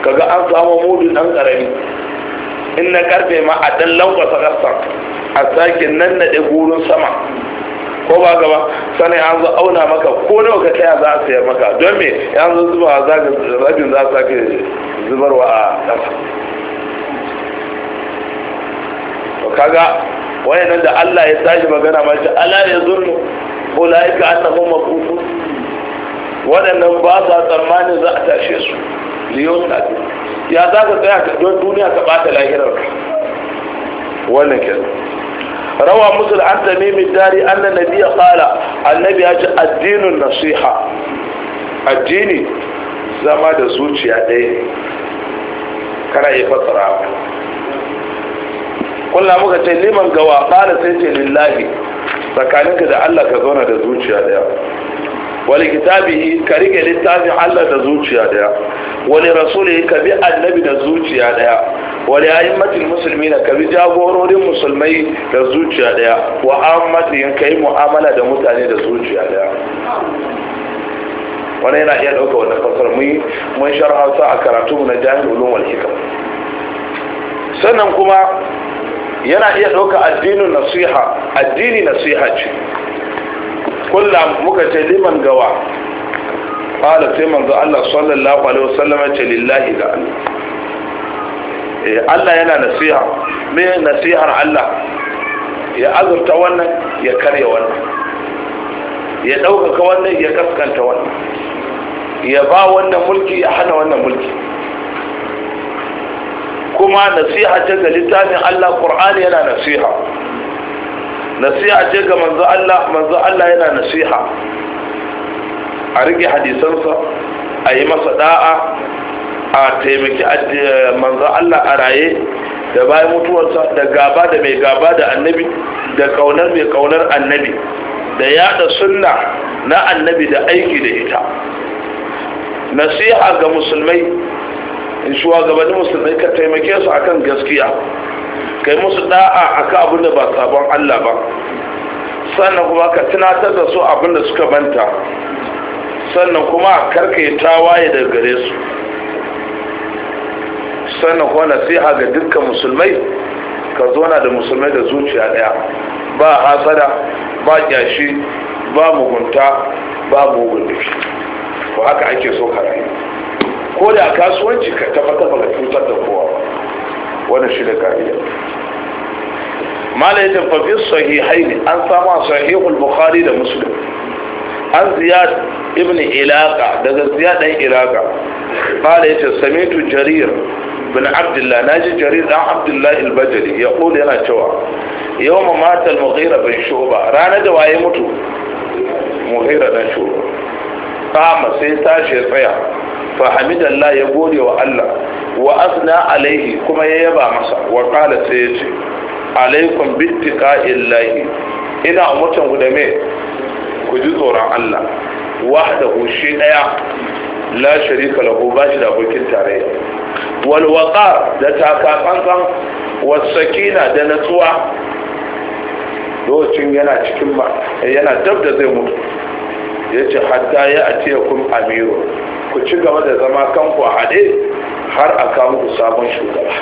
kaga an samu mudu nan ƙarami in na karfe ma a ɗan lankwasa ƙasa a sake nan naɗe gurin sama ko ba gaba sanai an zo auna maka ko nawa ka taya za a sayar maka don me yanzu zuba za rabin za a sake zubarwa a ƙasa kaga wayannan da Allah ya tashi magana ma shi ala ya zurnu ulaika annahum maqutu wadannan ba sa tsammanin za a tashe su liyon da ya za ka tsaya ka don duniya ka bata lahirar Rawa Musul kenan روى مسلم dari تميم nabi ya kala annabi ya أجل addinin nasiha addini zama da zuciya ɗaya kana iya fassara kulla muka ce liman gawa kala sai ce lillahi tsakaninka da Allah ka zauna da zuciya daya wani kitabi ka rike littafin Allah da zuciya daya wani rasuli ka bi annabi da zuciya daya wani ayimmatin musulmi na ka bi jagororin musulmai da zuciya daya wa ammatin ka yi mu'amala da mutane da zuciya daya wani yana iya ɗauka wannan fasar mun hausa a karatu na jami'in ulum sannan kuma yana iya ɗauka addinin nasiha addini nasiha ce kulla muka ce liman gawa ƙwada sai manzo Allah sallallahu alaihi wasallam ce lillahi ga Allah eh, Allah yana nasiha me nasihar Allah ya azurta wannan ya karya wannan ya ɗaukaka wannan ya kaskanta wannan ya ba wannan mulki ya hana wannan mulki kuma nasiha ce ga littafin Allah Qur'ani yana nasiha nasiha ce ga manzo Allah manzo Allah yana nasiha a rike hadisansa a yi masa da'a a taimaki manzo Allah a raye da bayan mutuwarsa da gaba da mai gaba da annabi da kaunar mai kaunar annabi da yada sunna na annabi da aiki da ita nasiha ga musulmai In shugabannin musulmai ka taimake su akan gaskiya kai musu da'a ka abin da ba sabon Allah ba sannan kuma ka tunatar da su abin da suka banta sannan kuma ka yi tawaye daga gare su sannan kuma nasiha ga dukkan musulmai ka zona da musulmai da zuciya daya ba hasada ba kyashi ba mugunta ba mugun ko haka ake so ka rayu ko da kasuwanci ka tabbata ba ka cutar da kowa ba wannan shi da ka'ida mala yadda fa fi sahihaini an samu sahihul bukhari da muslim an ziyad ibn ilaqa daga ziyar dan ilaqa mala yace samitu jarir bin abdullah ji jarir dan abdullah al ya kula yana cewa yau yawma mata al-mughira bin shuba ranar da waye mutu mughira dan shuba kama sai tashi tsaya fa ya gode wa Allah wa asna alaihi kuma ya yaba masa wa qala sai ya ce alaikum bittiqa'illahi ina umurtan ku da me ku ji tsoron Allah wahdahu shi daya la sharika lahu ba shi da abokin tare. wal waqar da takatsantsan was sakina da natsuwa lokacin yana cikin yana dab da zai mutu ya ce hatta ya atiyakum Amiru. ku ci gaba da zama kanku a haɗe har a kawo muku sabon shugaba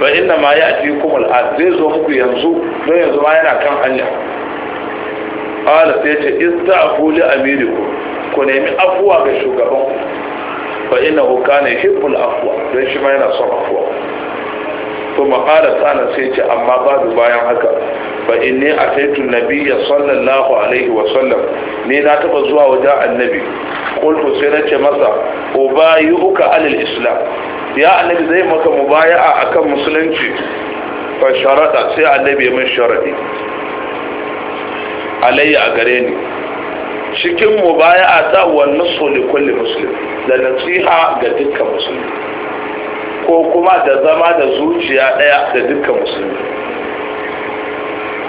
ba inna ma ya ji kuma zai zo muku yanzu don yanzu ma yana kan hanya ala sai ce ista'fu li amirikum ku nemi afuwa ga shugaban ku fa inna hu kana afuwa don shi ma yana son afuwa kuma kala tsanan sai ce amma babu bayan haka fa inni ataitu nabiyya sallallahu alaihi wa sallam ne na taba zuwa wajen annabi qultu sai na ce masa ubayyuka alil islam ya annabi zai maka mubaya'a akan musulunci fa sharata sai annabi ya min sharadi alayya a gare ni cikin mubaya'a ta wannan da kulli muslim da nasiha ga dukkan musulmi ko kuma da zama da zuciya ɗaya da dukkan musulmi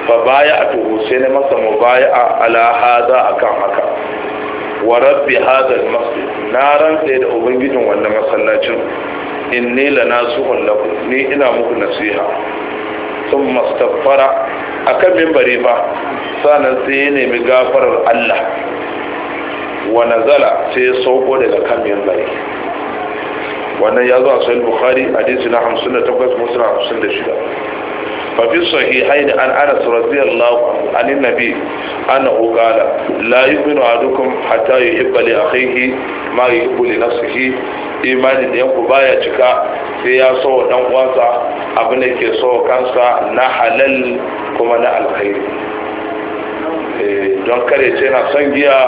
fa baya a tuhu sai na masa mu baya a za a kan haka wa rabbi haza masjid na rantse da ubangijin wannan masallacin in ni la nasuhun lahu ni ina muku nasiha sun mastafara a kan mimbari ba sanan sai ya nemi gafarar allah wa nazala sai ya sauko daga kan mimbari wannan ya zo a sahih bukhari hadisi na 58 musulun 56 ففي الصحيحين عن انس رضي الله عن النبي انه قال لا يؤمن احدكم حتى يحب لاخيه ما يحب لنفسه imanin da yanku baya cika sai ya so dan uwansa abin da ke so kansa na halal kuma na alkhairi Eh, don kare ce na son giya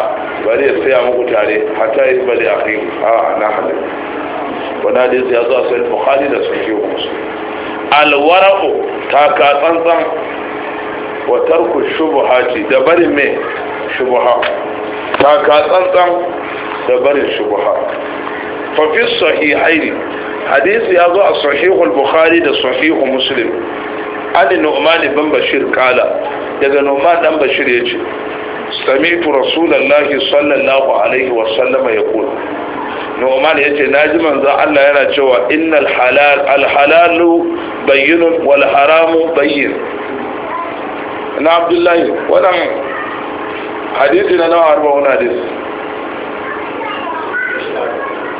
bari ya saya muku tare hata yi bari a kai a ah, na halin wani hadisi ya zuwa sai bukhari da sun kiwo musu alwara'u ta ka tsantsan ku shubu haci da mai shubu shubuha ta ka tsantsan da bari shubuha ha fafi sahihaini hadisi ya zo a sahihul bukhari da sahihul muslim ali nu'man ban bashir kala daga nu'man dan bashir yace sami'tu rasulullahi sallallahu alaihi wa sallama yaqul nu'man yace naji manzo Allah yana cewa innal halal al halalu bayyinun wal haramu bayyin na abdullahi wannan hadisi na nawa arba wani hadisi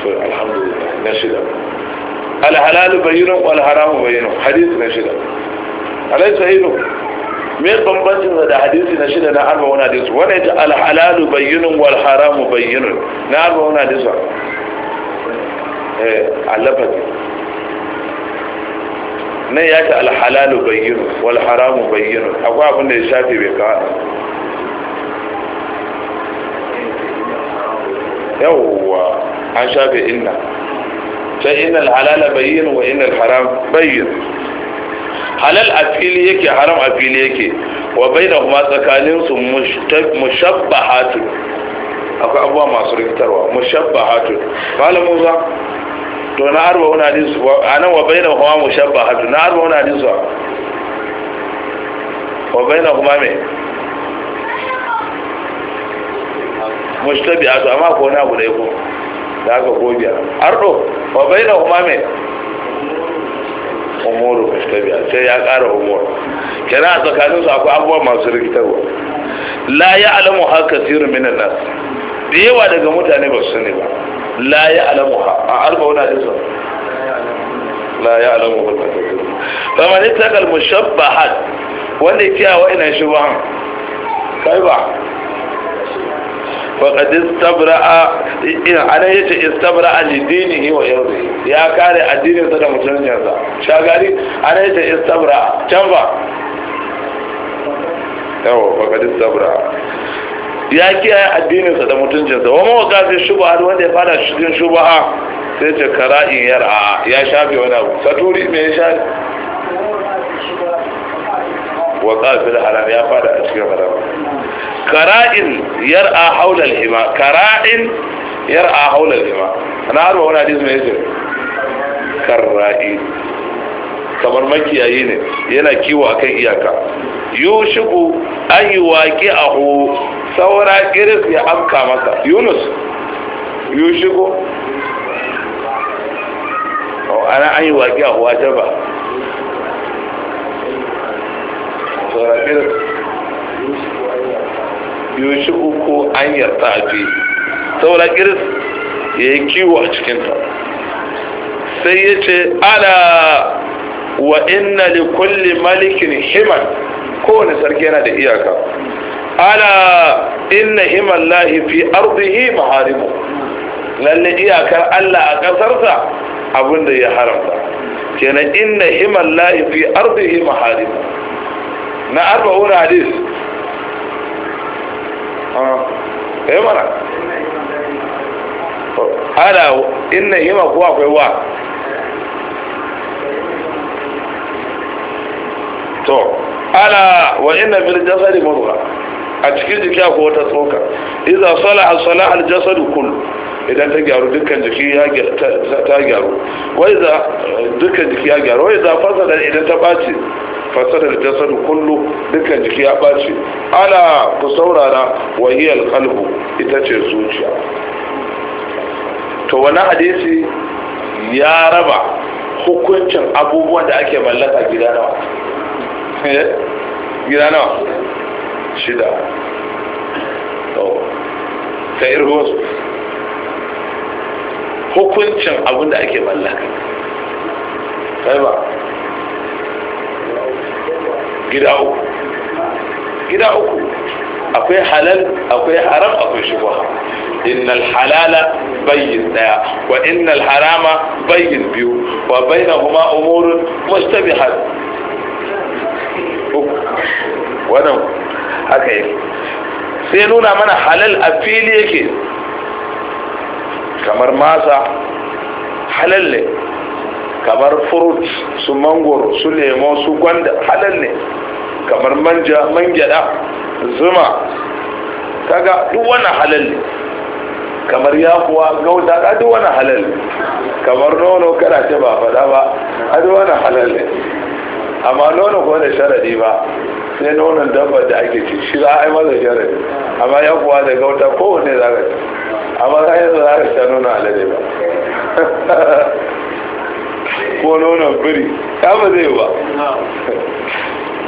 to alhamdulillah na shida al halalu bayyinun wal haramu bayyinun hadisi na shida أليس إنه من بمبتن هذا حديثنا شدنا أربع هنا ديسا ونجع الحلال بيّن والحرام بينه نعرف هنا ديسا إيه، علبتي نيات الحلال بيّن والحرام بينه أقوى أبن الشافي بكاء يو عن إنا فإن الحلال بينه وإن الحرام بيّن halal a fili yake haram a fili yake wa bai da kuma tsakanin su hatun akwai abubuwa masu rikitarwa hatun malam Musa to na arba wani hadisu nan wa bai da kuma hatun na arba wani hadisu wa bai da kuma me hatun amma ko na guda ko da aka gobiya ardo wa bai da kuma me umuru mustabiya sai ya ƙara umuru kenan a tsakanin su akwai abubuwa masu rikitarwa la ya alamu ha kasirin minan nas da yawa daga mutane ba su sani ba la ya alamu ha a alba wani hadisa la ya alamu ha kasirun kamar ne takal mushabbahat wanda ya kiyawa ina shi kai ba faqad istabra'a ana yace istabra'a li dinihi wa irdihi ya kare addinin sa da mutuncinsa shagari ana yace istabra'a can ba yawa faqad istabra'a ya kiyaye addininsa da mutuncinsa wa mawaka sai shubaha wanda ya fara cikin shubaha sai ce kara'in yar'a ya shafe wani abu saturi me ya shafe wa qafil haram ya fada a cikin haram kara'in yar a haular hima kara'in yar a haular hima ana harba wani hadisi mai yace karra'i kamar makiyayi ne yana kiwo a akan iyaka yushiku an yi waƙi a hu saura iris ya amka masa yunus yushiku ana an yi waƙi a hu a jaba saura irin yushi uku an yarta a ji saura ya yi kiwo a cikinta sai ya ce ala wa inna li kulli malikin himan kowane sarki yana da iyaka ala inna himan lahi fi arzihi maharimu lalle iyakar allah a ƙasarsa abinda ya haramta kenan inna himan lahi fi arzihi maharimu na arba'un hadis ah. eh mana ala inna hima ko akwai wa to ala wa inna fil jasadi mudghah a cikin jiki akwai wata tsoka idza salaha salaha al-jasad kullu idan ta gyaru dukkan jiki ya ta gyaru wai za dukkan jiki ya gyaru wai za da idan ta ɓaci fasada da jasad kullu dukkan jiki ya ɓaci ala ku saurara wa yi al ita ce zuciya to wani hadisi ya raba hukuncin abubuwan da ake mallaka gida nawa eh? gida nawa shida ka irgo su hukuncin abin da ake mallaka kai ba gida uku gida uku akwai halal akwai haram akwai shubha innal halala bayyin daya wa innal harama bayyin biyu wa bainahuma umurun mustabihat wannan haka yake sai nuna mana halal a fili yake kamar masa halal ne kamar furut su mangoro su lemo su gwanda halal ne kamar manja mangyada zuma kaga duk wani halal ne kamar yakuwa gauda a duk wani halal ne kamar nono kada ce ba fada ba a duk wani halal ne amma nono ko da sharadi ba sai nonon dabba da ake ci shi za a yi masa sharadi amma ya kuwa da gauta kowanne za ka ci amma za yanzu za ka sha nono alade ba ko nonon biri ya ba zai ba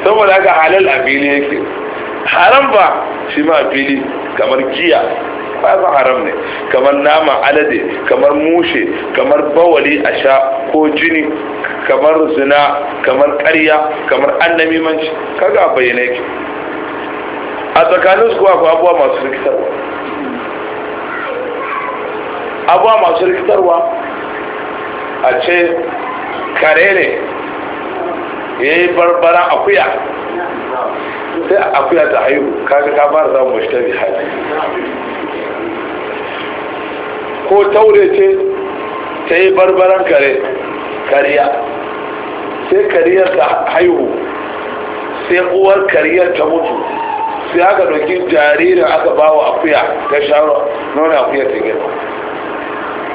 saboda ka halal a fili yake haram ba shi ma fili kamar giya ba su haram ne kamar nama alade kamar mushe kamar bawali a sha ko jini kamar zina kamar ƙarya kamar annamimanci kaga a bayyana yake a tsakanin su kuwa abubuwa masu rikitarwa abubuwa masu rikitarwa a ce kare ne ya yi barbara akuya sai akuya ta haihu kaga ka fara samun mashi ta bihaji ko taure ce ta yi barbaran kare kariya sai kariyar ta haihu sai uwar kariyar ta mutu sai aka doki jaririn aka ba wa akuya ta sharo nuna akuya ta girma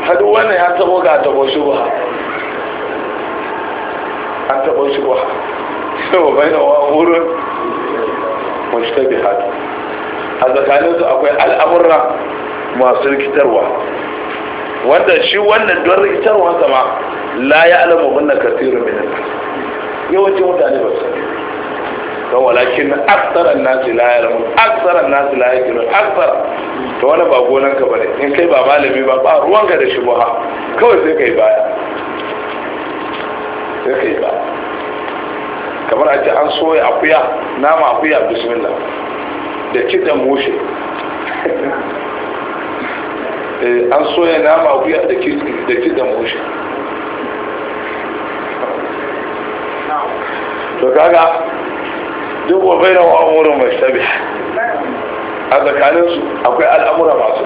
hadu wannan ya tabo ga tabo shi ba an tabo shi ba sai wa bayan wa wurin mashtabi hadu a tsakaninsu akwai al'amurra masu rikitarwa wanda shi wannan don rikitarwa sama la ya alamu wannan kasirin min yawancin mutane ba su don walakin aksaran nasu la ya alamu aksaran nasu la ya kiro aksara to wani ba gonan ka bane in kai ba malami ba ba ruwanka da shi buha kawai sai kai baya sai kai baya kamar a ce an soya akuya nama akuya bismillah da kitan mushe Eh, an soya nama wuya da kidan mushi to kaga duk wa bai rawa amurin mai sabi a tsakaninsu akwai al'amura masu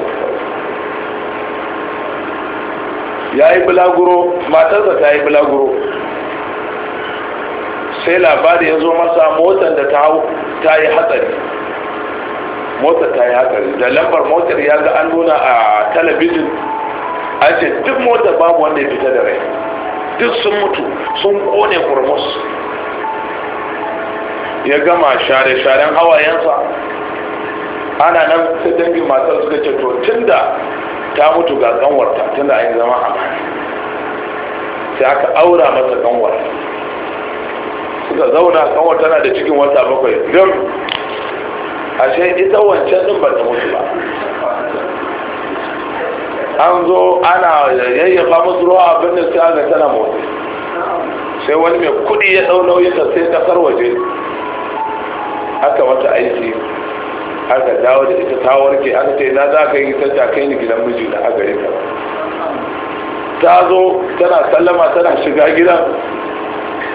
ya yi bulaguro matarsa ta yi bulaguro sai labari ya zo masa motar da ta hau ta yi hatsari motar ta yi hatsari da lambar motar ya ga an nuna a talabijin a ce duk motar babu wanda ya fita da rai duk sun mutu sun kone kurmus ya gama share-sharen hawayensa ana nan sai dangin matar suka ce to tunda ta mutu ga kanwarta tunda an zama amana sai aka aura masa kanwar suka zauna kanwar tana da cikin wata bakwai don ashe ita wancan din ba ta mutu ba an zo ana yayyafa musu ruwa abin da sai aga tana motsi sai wani mai kudi ya dau ta sai kasar waje aka wata aiki aka dawo da ita ta warke aka ce na za ka yi ta ta kai ni gidan miji da aka yi ta zo tana sallama tana shiga gidan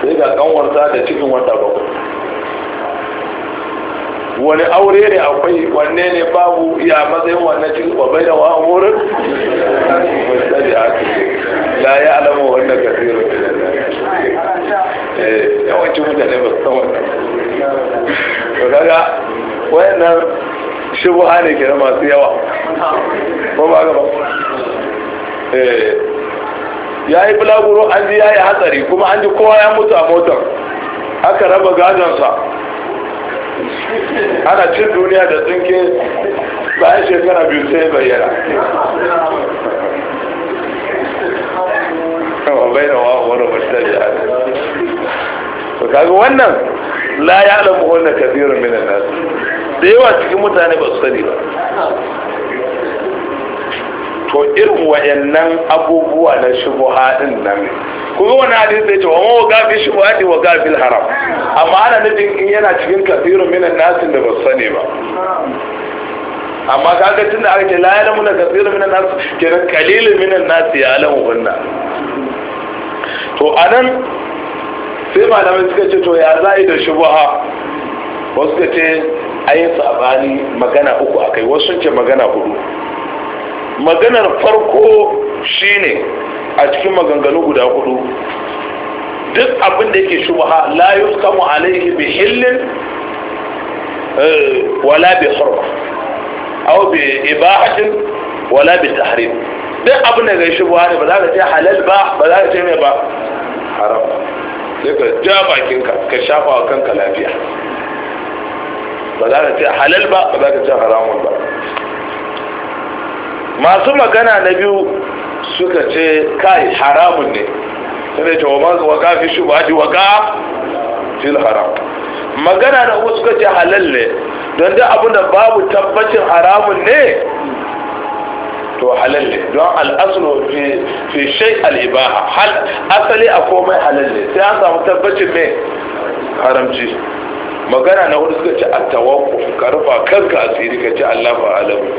sai ga kanwarta da cikin wata bakwai wani aure ne akwai wanne ne babu ya matsayin wannan cikin kwabai da wa wurin la ya alamu wannan ya eh, yawancin mutane ba su sama to kaga wayannan shubuha ne kenan masu yawa ko ba ga ba eh, ya yi bulaguro an ji ya yi hatsari kuma an ji kowa ya mutu a motar aka raba gajansa ana cin duniya da tsinke bayan shekara biyu sai bayyana da kaga wannan la ya alamu wannan kafirin minan nasu da yawa cikin mutane ba su sani ba to irin wayannan abubuwa na shubuha din nan kuma wani hadis da yake ce wa ga fi shubuha ne wa gafi haram amma ana nufin in yana cikin kafirun minan nasin da ba sani ba amma kaga tun da aka ce la yalamu na kafirun minan nasu kenan kalilin minan nasu ya alamu wannan to anan sai malamai suka ce to ya za'i da shubuha wasu suka ce a yi sabani magana uku akai wasu sun ce magana hudu maganar farko shine a cikin maganganu guda hudu duk abin da yake shubaha la yuskamu alaihi bi hillin eh, wala bi hurma aw bi ibahatin wala bi tahrim duk abin da yake shubaha ne ba za ka ce halal ba ba za ka ce mai ba haram sai ka ja bakinka ka shafa wa kanka lafiya ba za ka ce halal ba ba za ka ce haramun ba masu magana na biyu suka ce kai haramun ne sai ce wa ka fi shubhati wa ka fil haram magana da uku suka ce halal ne don da abin da babu tabbacin haramun ne to halal ne don al'asulu fi shai al'ibaha hal asali a komai halal ne sai an samu tabbacin me haramci magana na hudu suka ce a tawakku ka rufa kanka asiri ka ce allah ba alamu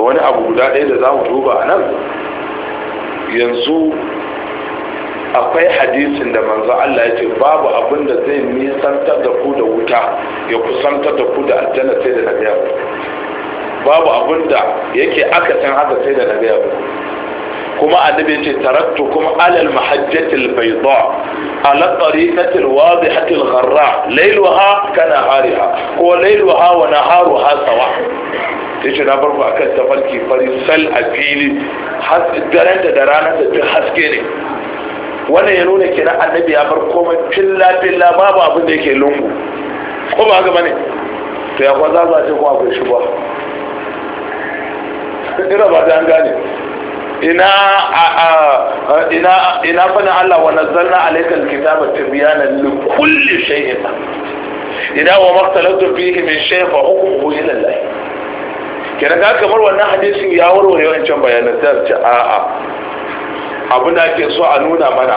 wani abu guda ɗaya da za mu duba a nan yanzu akwai hadisin da manzo Allah ya ce babu abin da zai nisantar da ku da wuta ya kusantar da ku da aljanna sai da na babu abin da yake san haka sai da na kuma annabi ya ce taraktukum alal mahajjatil bayda ala tariqatil wadihatil gharra laylaha kana hariha ko laylaha wa naharuha sawa yace na farko akan tafarki fari sal a fili daren da ranar da duk haske ne wannan ya nuna kenan annabi ya bar komai filla filla babu abin da yake lungu ko ba haka bane to ya kwa za ce ko akwai shubha ina ba ta an gane ina ina ina fana Allah wa nazzalna alaykal kitaba tibyanan li kulli shay'in ina wa maktalatu fihi min shay'in fa hukmuhu ila Allah kenan ga kamar wannan hadisin ya warware wancan bayanan da a a abu da ke so a nuna mana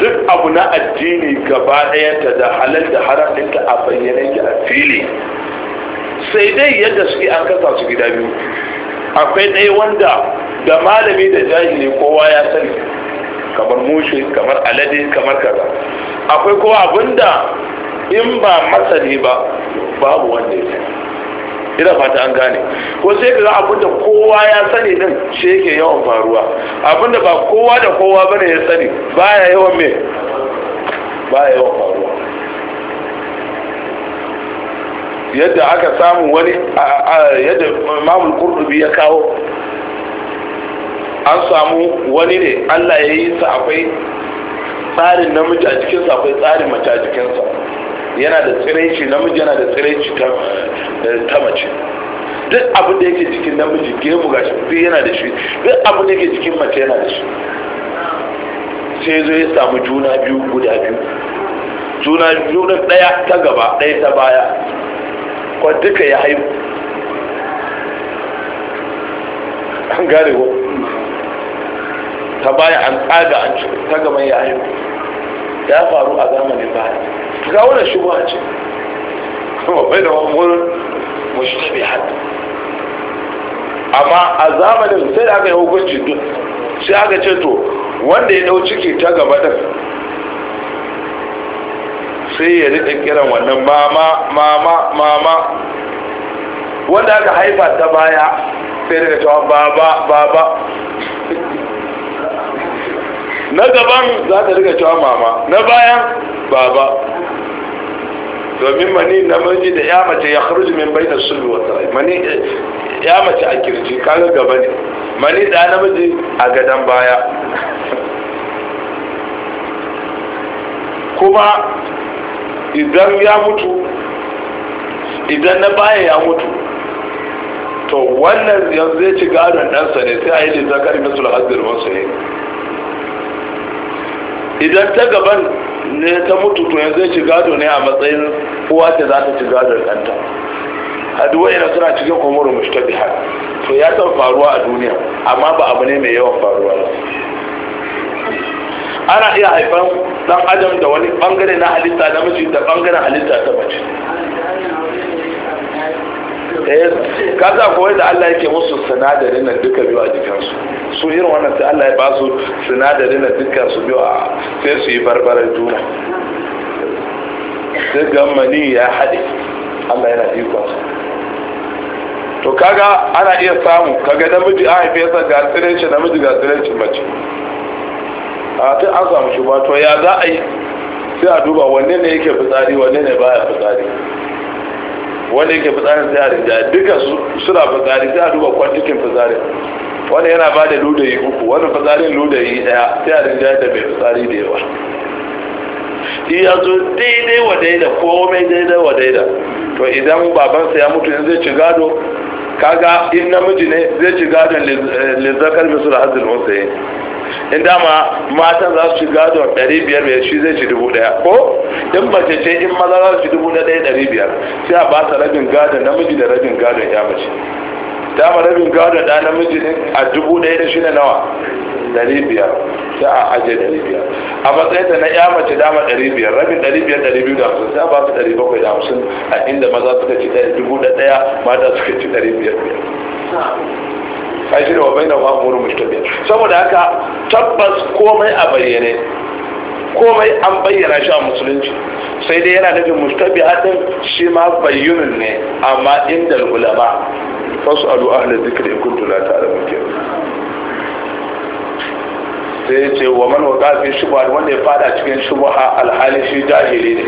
duk abu na addini gaba ɗayanta da halal da haram a bayyane ki a fili sai dai yadda suke an kasa su gida biyu akwai ɗaya wanda da malami da jahili kowa ya sani kamar mushe kamar alade kamar kaza akwai kowa abinda in ba masani ba babu wanda ya sani ina fata an gane ko sai ka ga abinda kowa ya sani din shi yake yawan faruwa abinda ba kowa da kowa bane ya sani baya yawan me baya yawan faruwa yadda aka samu wani yadda mamul kurdubi ya kawo an samu wani ne allah ya yi sa akwai tsarin namiji a jikinsa akwai tsarin mace a jikinsa yana da tsiraici namiji yana da tsiraici ta mace duk abin da yake jikin namiji gemu ga shi duk yana da shi duk abin da yake jikin mace yana da shi sai zo ya samu juna biyu guda biyu juna biyu na ɗaya ta gaba ɗaya ta baya ko duka ya haihu an gane ko ta baya an tsaga an ci ta gaban ya haihu ya faru a zamanin baya ga wannan shubha ce kuma bai da mamurin mushtabi hatta amma a zamanin sai da aka yi hukunci duk sai aka ce to wanda ya dau ciki ta gaba din sai ya riƙa kiran wannan mama mama mama wanda aka haifa ta baya sai daga cewa baba baba na gaban za ta riga cewa mama na bayan baba domin mani namiji da ya mace ya kharuji min bai da wa wata mani eh, ya mace a kirji kaga gaba ne mani da namiji a gadan baya kuma idan ya mutu idan na baya ya mutu to wannan yanzu zai ci gadon ɗansa ne sai a yi lizakar misul hazir wasu ne idan ta gaban ne ta mutu to yanzu zai ci gado ne a matsayin uwa ta za ta ci gadon ɗanta haduwa yana suna cikin umurin mushtabiha to ya san faruwa a duniya amma ba abu ne mai yawan faruwa ba ana iya haifan dan adam da wani bangare na halitta na mace da bangaren halitta ta mace Eh, ka za kawai da Allah yake musu sinadarin na duka biyu a jikinsu su irin wannan sai Allah ya ba su sinadarin na duka su biyu a sai su yi barbarar juna sai gammani ya haɗe Allah yana ikon to kaga ana iya samu kaga namiji a haife sa ga tsirenci namiji ga tsirenci mace a ta an samu shi to ya za a yi sai a duba wanne ne yake fitsari wanne ne baya fitsari wanda yake fitsarin sai a rinja duka suna fitsari sai a duba kwantikin fitsari wanda yana ba da ludayi uku wanda fitsarin ludayi daya sai a rinja da mai fitsari da yawa shi ya zo daidai wa daida komai daidai wa daida to idan babansa ya mutu in zai ci gado kaga in namiji ne zai ci gado gadon eh, lizzakar misal hazin yi in dama matan za su ci gado 500 shi zai ci 1000 ko in mace ce in maza za su ci 1500 sai a ba ta rabin gado namiji da rabin gado ya mace ta ma rabin gadon da namiji ne a dubu ɗaya da shi nawa ɗari biyar Ta a ajiye ɗari biyar a matsayin ta na ya mace dama ɗari biyar rabin ɗari biyar ɗari biyu da hamsin ta ba su ɗari bakwai da hamsin a inda maza suka ci ɗari dubu da ɗaya mata suka ci ɗari biyar biyar ai shi da wa bai da wa amurin biyar? saboda haka tabbas komai a bayyane komai an bayyana shi a musulunci sai dai yana nufin mustabi haɗin shi ma bayyunin ne amma inda ulama fasu alu ahli zikri in kuntu ta ta'lamun ke sai ce wa man waqa fi shubha wanda ya fada cikin shubha alhali shi jahili ne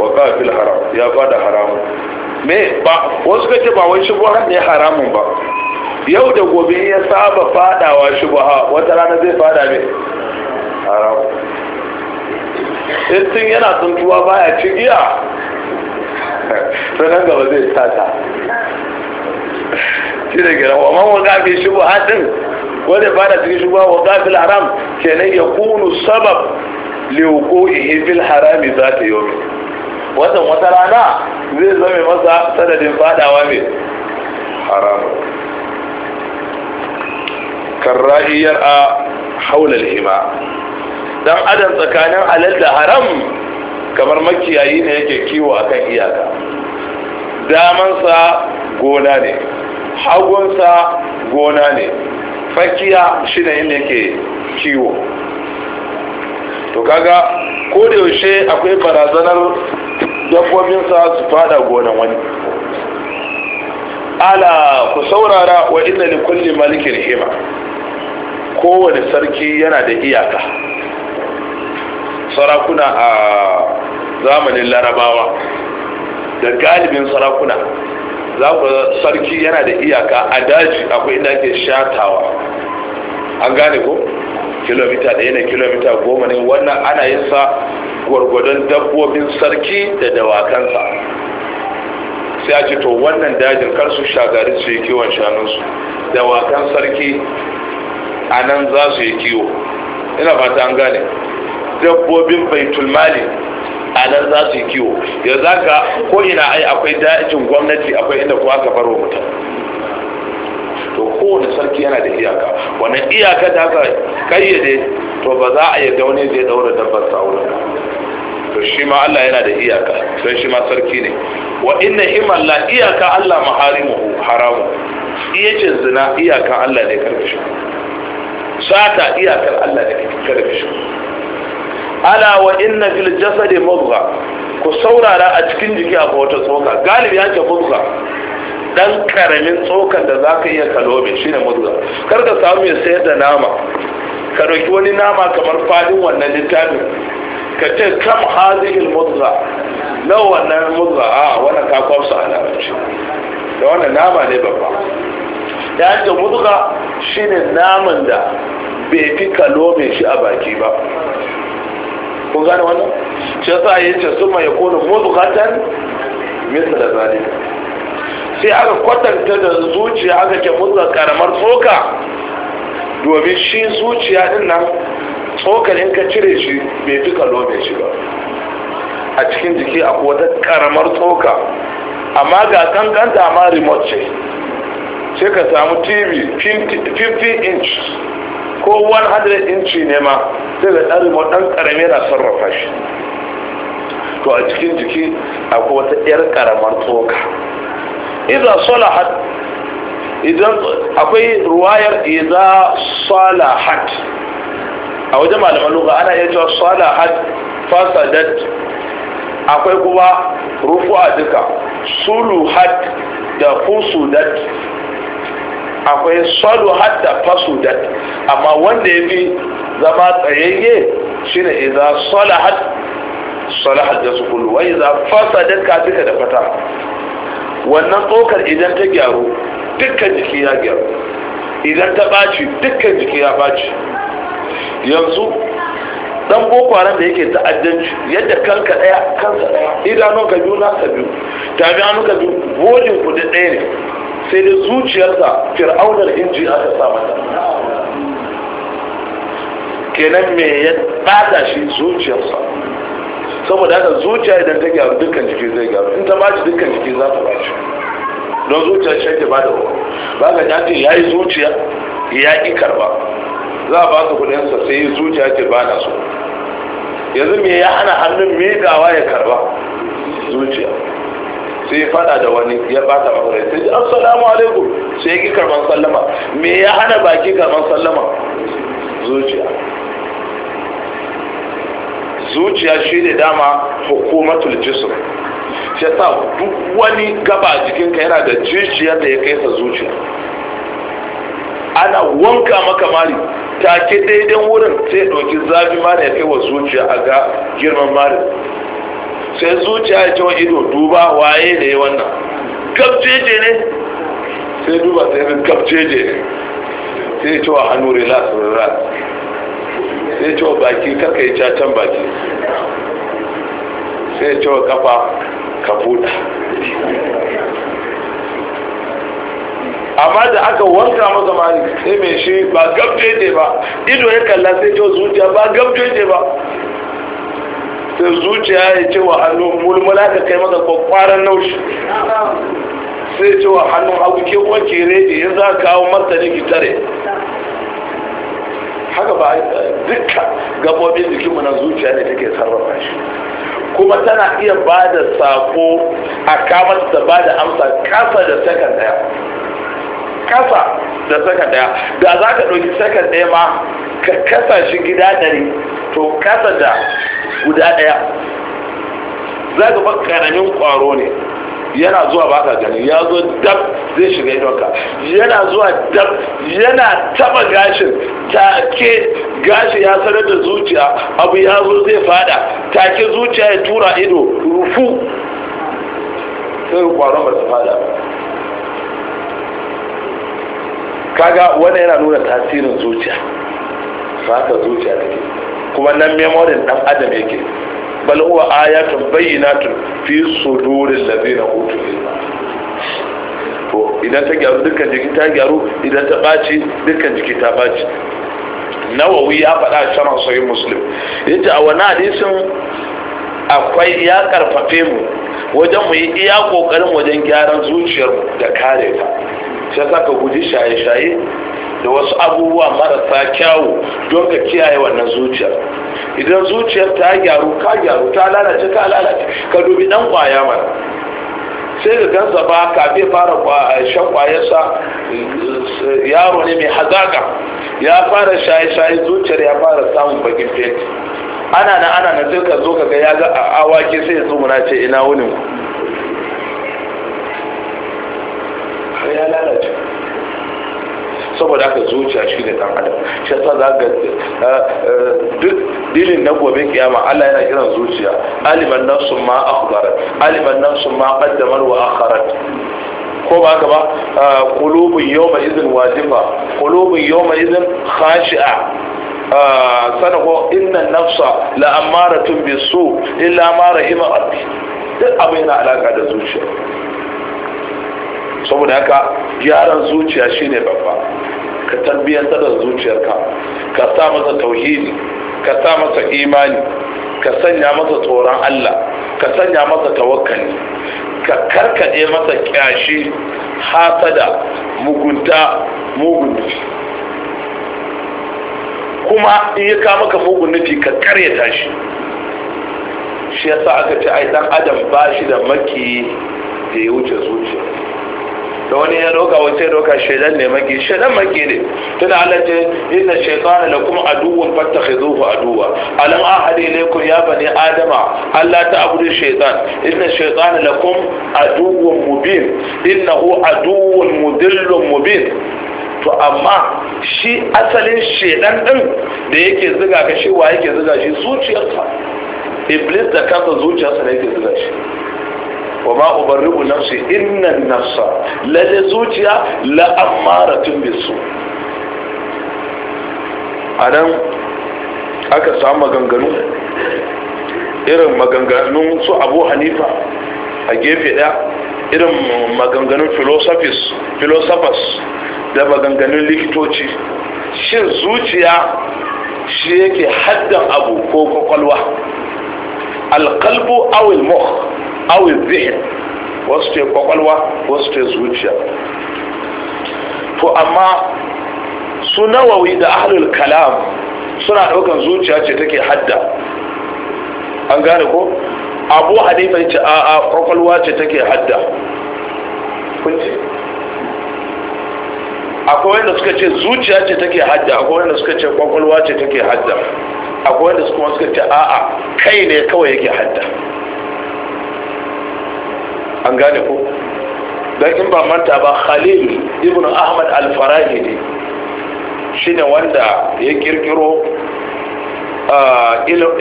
waqa fil haram ya fada haramun me ba wasu kace ba wai shubha ne haramun ba yau da gobe ya saba fadawa shubha wata rana zai fada ne haramun in tun yana tuntuwa baya ci giya nan gaba zai sata shi da gira wa man waka fi shubu hadin wanda ba da cikin shubu wa gafil haram kenan ya kunu sabab leuko ihifil harami za ta yi wannan wata rana zai zame masa sanadin fadawa mai haramu kan ra'iyar a haular hima dan adam tsakanin halal da haram kamar makiyayi ne yake kiwo akan iyaka damansa gona ne hagunsa gona ne fakiya shi ne inda yake kiwo to kaga ko da yaushe akwai barazanar dabbobinsa su fada gonan wani ala ku saurara wa inna li malikin hima kowane sarki yana da iyaka sarakuna a zamanin larabawa da galibin sarakuna za ku sarki yana da iyaka a daji akwai inda ake shatawa an gane ko kilomita ɗaya ne kilomita goma ne wannan ana yin sa gwargwadon dabbobin sarki da dawakansa sai a ce to wannan dajin kar su shagari su yi kiwon shanunsu dawakan sarki a nan za su yi kiwo ina fata an gane dabbobin baitul mali a nan za su yi kiwo za ka ko ina ai akwai dajin gwamnati akwai inda kuwa aka faro mutum to kowane sarki yana da iyaka wani iyaka da aka kayyade to ba za a yi daune zai daura dabbar sa wurin to shi ma Allah yana da iyaka don shi ma sarki ne wa inna himalla iyaka Allah maharimu haramu iyacin zina iyaka Allah ne karkashin sata iyakar Allah ne karkashin ala wa inna fil jasadi mudgha ku saurara a cikin jiki a wata tsoka galibi yake mudgha dan karamin tsokan da zaka iya kalobe shine mudgha kar ka samu mai sayar da nama ka roki wani nama kamar fadin wannan littafin ka ce kam hazihil mudgha na wannan mudgha a wannan ka kwafsa a larabci da wannan nama ne babba da yake mudgha shine naman da bai fi kalobe shi a baki ba kun gane wannan shi yasa yi ce sun mai kone muzukatan mista da zalika sai aka kwatanta da zuciya aka ke mutsa karamar tsoka domin shi zuciya din nan tsokar in ka cire shi bai fi kalo mai shi ba a cikin jiki akwai wata karamar tsoka amma ga kankanta amma remote ce sai ka samu tv 50 inch ko 100 inci ne ma sai da ɗan remote ɗan ƙarami na sarrafa shi to a cikin jiki akwai wata 'yar ƙaramar tsoka idan salahat idan akwai ruwayar idan salahat a wajen malaman lugha ana iya cewa salahat fasadat akwai kuma a duka suluhat da fusudat akwai salu fasu da amma wanda ya fi zama tsayayye shine idan salahat salahat da su kullu wai idan fasadat ka duka da fata wannan tsokar idan ta gyaru dukkan jiki ya gyaru idan ta ɓaci dukkan jiki ya ɓaci yanzu dan bokwaran da yake ta'addanci yadda kanka daya kansa daya ka biyu nasa biyu tabi ka biyu ku kudi ɗaya ne sai da zuciyarsa fir'aunar inji aka sama kenan me ya bada shi zuciyarsa saboda haka zuciya idan ta gyaru dukkan jiki zai gyaru in ta baci dukkan jiki za ta baci don zuciya shi ta bada wa ba ka dace ce ya yi zuciya ya ƙi karba za a ba su kudinsa sai yi zuciya ke ba na so yanzu me ya ana hannun miƙawa ya karba zuciya sai ya fada da wani ya bata masa sai sai assalamu alaikum sai ya ki karban sallama me ya hana baki karban sallama zuciya zuciya shi ne dama hukumatul jism shi yasa duk wani gaba a jikinka yana da jijiyar da ya kai sa zuciya ana wanka maka mari take daidai wurin sai ɗauki zafi mari ya kai wa zuciya a ga girman mari sai zuciya ya ce wa ido duba waye ne wannan kafceje ne sai duba sai ga kafceje ne sai ce wa hannu relax relax sai ce wa baki kakai cacan baki sai ce wa kafa ka buɗa amma da aka wanka masa mani sai mai shi ba gabjeje ba ido ya kalla sai ce zuciya ba gabjeje ba sai zuciya ya ce wa hannu mulmula ka kai maka kwakwaran naushi sai ce wa hannun abu ke wace rede ya za kawo martani ki tare haka ba dukkan gabobin jikinmu na zuciya ne take sarrafa shi kuma tana iya ba da sako a kamata ta ba da amsa kasa da sakan daya kasa da saka daya da za ka ɗauki saka daya ma ka kasa shi gida ɗari to kasa da guda daya za ka ba karamin ƙwaro ne yana zuwa ba ka gani ya zo dab zai shiga idonka yana zuwa dab yana taba gashin take gashi ya sanar da zuciya abu ya zo zai fada take zuciya ya tura ido rufu sai ƙwaron ba su fada kaga wani yana nuna tasirin zuciya haka zuciya take kuma nan memorin dan adam yake bal huwa ayatun bayyinatun fi suduril ladina utul ilma to idan ta gyaru dukkan jiki ta gyaru idan ta ɓaci dukkan jiki ta ɓaci nawawi ya faɗa a sharan sahih muslim yace a wani hadisin akwai ya karfafe mu wajen mu yi iya kokarin wajen gyaran zuciyar da kare ta shi za ka guji shaye-shaye da wasu abubuwa marasa kyawu don ka kiyaye wannan zuciyar idan zuciyar ta gyaru ka gyaru ta lalace ka lalace ka dubi dan kwaya mana sai ka gansa ba kafin fara shan kwayarsa yaro ne mai hazaka ya fara shaye-shaye zuciyar ya fara samun bakin fenti ana na ana na sai ka zo ka ga ya ga awaki sai ya zo muna ce ina wuni sai ya lalace saboda aka zuciya shi da adam shi yasa za ga eh, eh, duk dilin na gobe kiyama Allah yana kiran zuciya aliman nafsu ma akhbarat aliman nafsu ma qaddamat wa akharat ko ba ka ba eh, qulubun yawma idhin wajifa qulubun yawma idhin khashi'a sanako inna nafsa la amaratun bisu illa ma rahima rabbi duk abin yana alaka da zuciya saboda haka gyaran zuciya shine babba ka tarbiyyantar da zuciyarka ka sa masa tauhidi ka sa masa imani ka sanya masa tsoron Allah ka sanya masa tawakkali ka karkade masa kyashi hasada mugunta mugun kuma in ya kama ka mugun nufi ka karyata shi shi yasa aka ce ai dan adam ba shi da maki da ya wuce zuciya da wani ya roka wace roka shaidan ne maki shaidan maki ne tunda Allah ce inna shaytana lakum aduwwun fattakhizuhu aduwa alam ahadi ilaykum ya bani adama Allah ta abudu shaytan inna shaytana lakum aduwwun mubin innahu aduwwun mudillun mubin to amma shi asalin shaidan din da yake ziga ka shi wa yake ziga shi zuciyarsa iblis da kansa zuciyarsa ne yake ziga shi wa ma ubarri'u nafsi innan nafsa lalle zuciya la amaratun bisu anan aka samu maganganu irin maganganun su abu hanifa a gefe ɗaya irin maganganun philosophers da maganganun likitoci shin zuciya shi yake haddan abu ko kwakwalwa alkalbu awil muh awil zihin wasu ce kwakwalwa wasu ce zuciya to amma su nawawi da ahlul kalam suna daukan zuciya ce take hadda an gane ko abu hanifa ce a a kwakwalwa ce take hadda kunce akwai wanda suka ce zuciya ce take hadda akwai wanda suka ce kwakwalwa ce take hadda akwai wanda suka suka ce a'a kai ne kawai yake hadda an gane ko don in ba manta ba khalil ibn ahmad Al faraji ne shine wanda ya kirkiro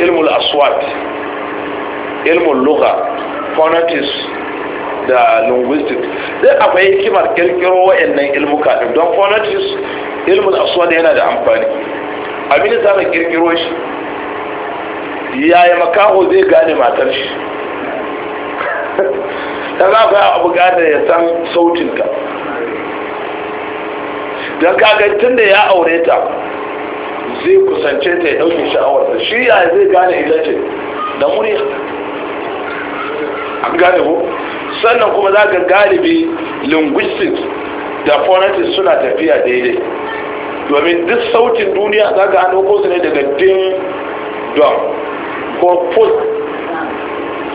ilmul aswat ilmul lugha phonetics da linguistics sai akwai hikimar kirkiro wa'annan ilmuka din don phonetics ilmul aswat yana da amfani abin da za kirkiro shi yaya makaho zai gane matar shi ta za ku a bukatar ya san sautinka don kaga da ya aure ta zai kusance ta ya ɗauke sha'awar ta shi ya zai gane ita ce da muni an gane ku sannan kuma za ka galibi linguistics da phonetics suna tafiya daidai domin duk sautin duniya za ka hannu ko su ne daga ding dong ko post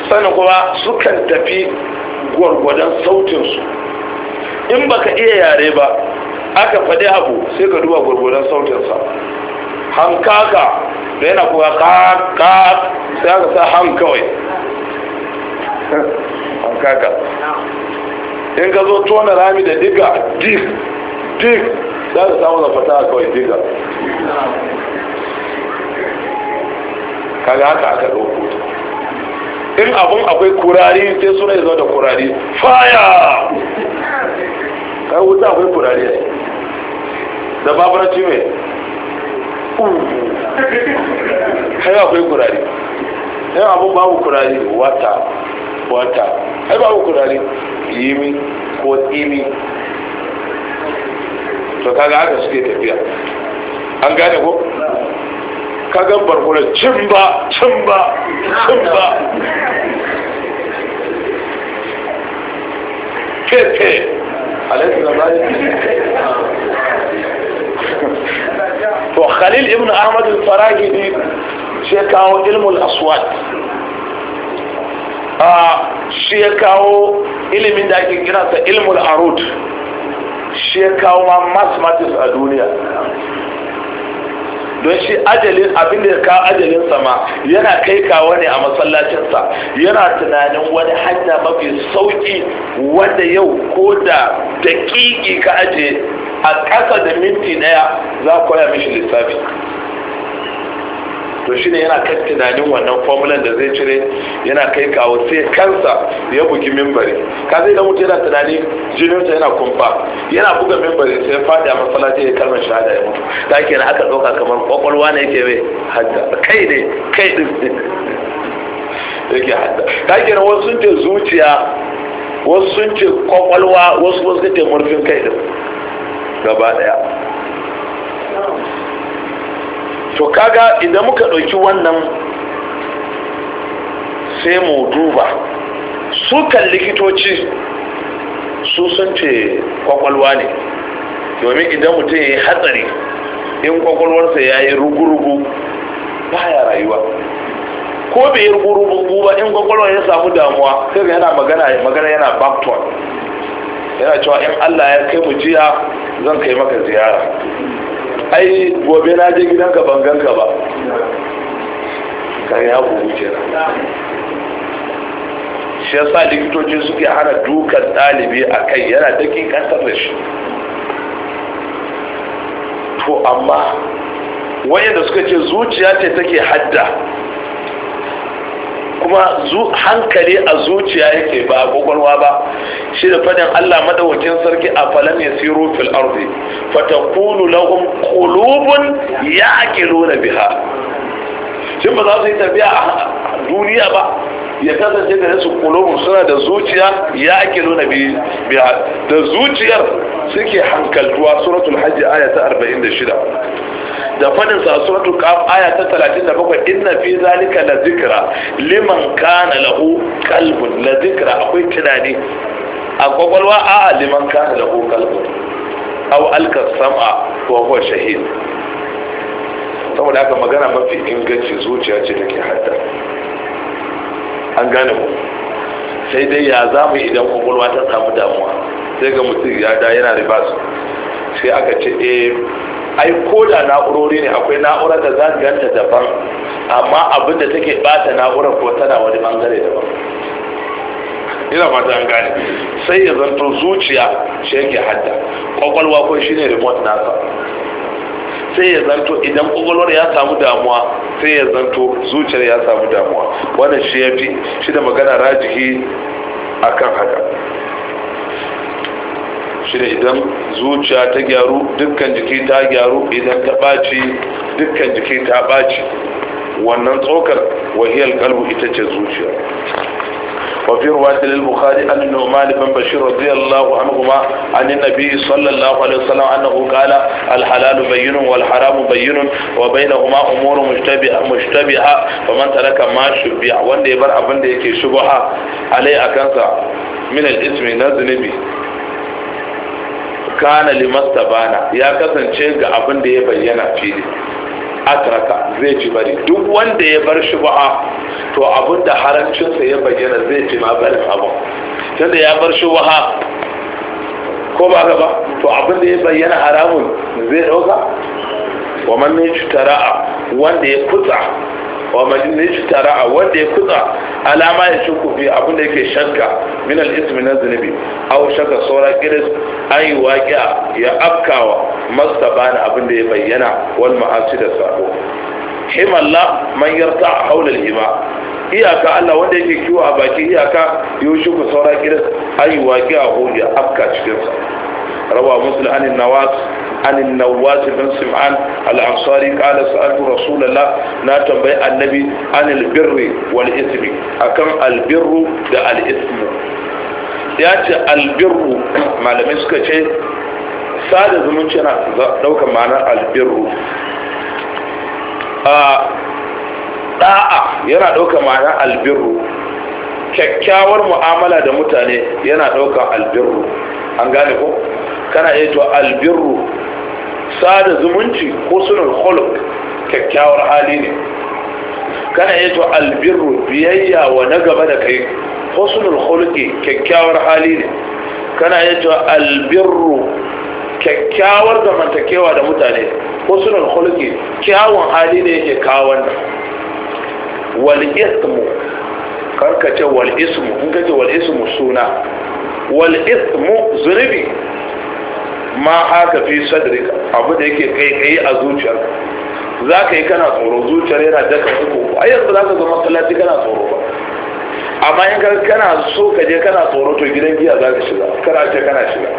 sannan kuma sukan tafi gwargwadon sautinsu in baka iya yare ba aka faɗi abu sai ka duba gwargwadon sautinsa hankaka da yana kuka kaka sai aka sa han kawai hankaka in ka zo tona rami da diga dig dig za ka samu da fata kawai diga kaga haka aka ɗauko in abun akwai kurari sai suna yi da kurari faya kai wuta akwai kurari ne da babaranci mai kai akwai kurari yan abun babu kurari wata wata ai babu kurari yimi ko tsimi to kaga haka suke tafiya an gane ko ka ga barkuna cin ba cin ba cin ba fefe to khalil ibn ahmad al-farahidi shi kawo ilmul aswad shi ya kawo ilimin da ake kiransa ilmul arud shi ya kawo ma mathematics a duniya don shi ajalin abin da ka ajalin sama yana kai kawo ne a masallacinsa yana tunanin wani hanya mafi sauki wanda yau ko da daƙiƙi ka aje a ƙasa da minti ɗaya za koya mishi lissafi to shi ne yana kan tunanin wannan formulan da zai cire yana kai kawo sai kansa ya bugi mimbari ka zai mutu yana tunani jininsa yana kumfa yana buga mimbari sai fadi a masallaci ya kalmar shahada ya mutu ta ke aka ɗauka kamar kwakwalwa ne yake mai hadda kai ne kai ɗin yake hadda ta ke wasu sun ce zuciya wasu sun ce kwakwalwa wasu wasu ce murfin kai ɗin gaba ɗaya to kaga idan muka ɗauki wannan sai mu duba su kan likitoci su sun ce kwakwalwa ne domin idan mutum ya yi hatsari in kwakwalwarsa ya yi rugurugu baya rayuwa ko bai yi rugurugu ba in kwakwalwar ya samu damuwa sai yana magana yana Bakton. yana cewa in allah ya kai mu jiya zan kai maka ziyara ai gobe na je gidanka ban ganka ba kan ya bugu kenan shi yasa likitoci suke hana dukan ɗalibi a kai yana dakin kantar da shi to amma wayanda suka ce zuciya ce take hadda kuma hankali a zuciya yake ba a kwakwalwa ba shi da fadin allah madawacin sarki a falon ya siro fil arzi fatakunu lahum qulubun ya'qiluna biha shin ba za su yi tafiya a duniya ba ya kasance da yasu kulubun suna da zuciya ya ake nuna biya da zuciyar suke hankaltuwa suratul hajji aya ta 46 da fadin sa suratul qaf aya ta 37 inna fi zalika la zikra liman kana lahu qalbun la zikra akwai tunani a kwakwalwa a liman kana lahu qalbun aw alka sam'a wa huwa shahid saboda haka magana mafi inganci zuciya ce take hadda an gane mu sai dai ya za mu idan kwakwalwa ta samu damuwa sai ga mutum ya da yana da ribas sai aka ce e ai ko da na'urori ne akwai na'urar da za ganta daban amma abin da take bata na'urar ko tana wani bangare daban ina fata an gane sai ya zanto zuciya shi yake hadda kwakwalwa ko shine remote nasa sai ya zanto idan kwakwalwar ya samu damuwa sai ya zanto zuciyar ya samu damuwa wannan shi ya fi shi da magana rajihi a kan haka shi da idan zuciya ta gyaru dukkan jiki ta gyaru idan ta ɓaci dukkan jiki ta ɓaci wannan tsokar wahiyar kalbu ita ce zuciya وفي رواية للبخاري عن النعمان بن بشير رضي الله عنهما عن النبي صلى الله عليه وسلم أنه قال الحلال بين والحرام بين وبينهما أمور مشتبهة مشتبهة فمن ترك ما شبه وان يبر أبن ديكي شبهة عليه أكنسا من الاسم نزنبي kana limasta bana ya kasance ga abin da ya bayyana fili atraka zai ji bari duk wanda ya bar shi shubha to da harancinsa ya bayyana zai ji ma bari abin tunda ya bar shi shubha ko ba gaba to da ya bayyana haramun zai dauka wa man yajtara'a wanda ya kutsa wa tare tara wanda ya kutsa alama ya shuku fi abin da yake shanka min al ismi na zunubi aw shakka saura kiris ay ya afkawa mastabana abin da ya bayyana wal ma'asi da sabo himalla man yarta haula hima iyaka Allah wanda yake kiwo a baki iyaka yushuku saura kiris ay a hu ya afka cikinsa. روى مسلم عن النواس عن النواس بن سمعان الأنصاري قال سألت رسول الله ناتم بي النبي عن البر والإثم أكم البر ده الإثم يأتي البر ما لم يسكتش sada zumunci na daukan ma'anar albirru da'a yana daukan ma'anar albirru kyakkyawar mu'amala da mutane yana daukan albirru an gane ko kana iya to albirru sada zumunci ko sunan khuluq kyakkyawar hali ne kana iya to albirru biyayya wa na gaba da kai ko sunan khuluqi kyakkyawar hali ne kana iya to albirru kyakkyawar zamantakewa da mutane ko sunan khuluqi kyawun hali ne yake kawo wal ismu karka wal ismu in ka ce wal ismu suna wal ismu zunubi ma haka fi sadrika abu da yake kai kai a zuciyar za ka yi kana tsoro zuciyar yana daka uku ai yanzu za ka zama masallaci kana tsoro ba amma in kana so ka je kana tsoro to gidan giya za ka shiga kana ce kana shiga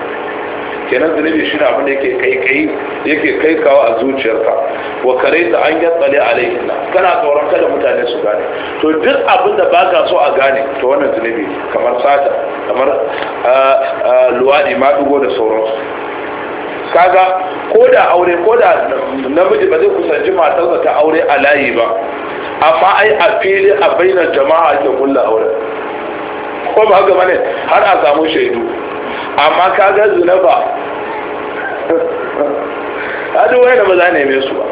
kenan zunubi shi abin da yake kai kai yake kai kawo a zuciyarka wa kare ta an yi tsale a laifin kana tsoron kada mutane su gane to duk abin da ba ka so a gane to wannan zunubi kamar sata kamar luwaɗi maɗugo da sauransu kaga ko da aure ko da namiji ba zai kusanci matarsa ta aure a layi ba amma ai a fili a bainar jama'a ake kulla aure ko ba haka bane har a samu shaidu amma kaga zunuba A'du da ba za a neme su ba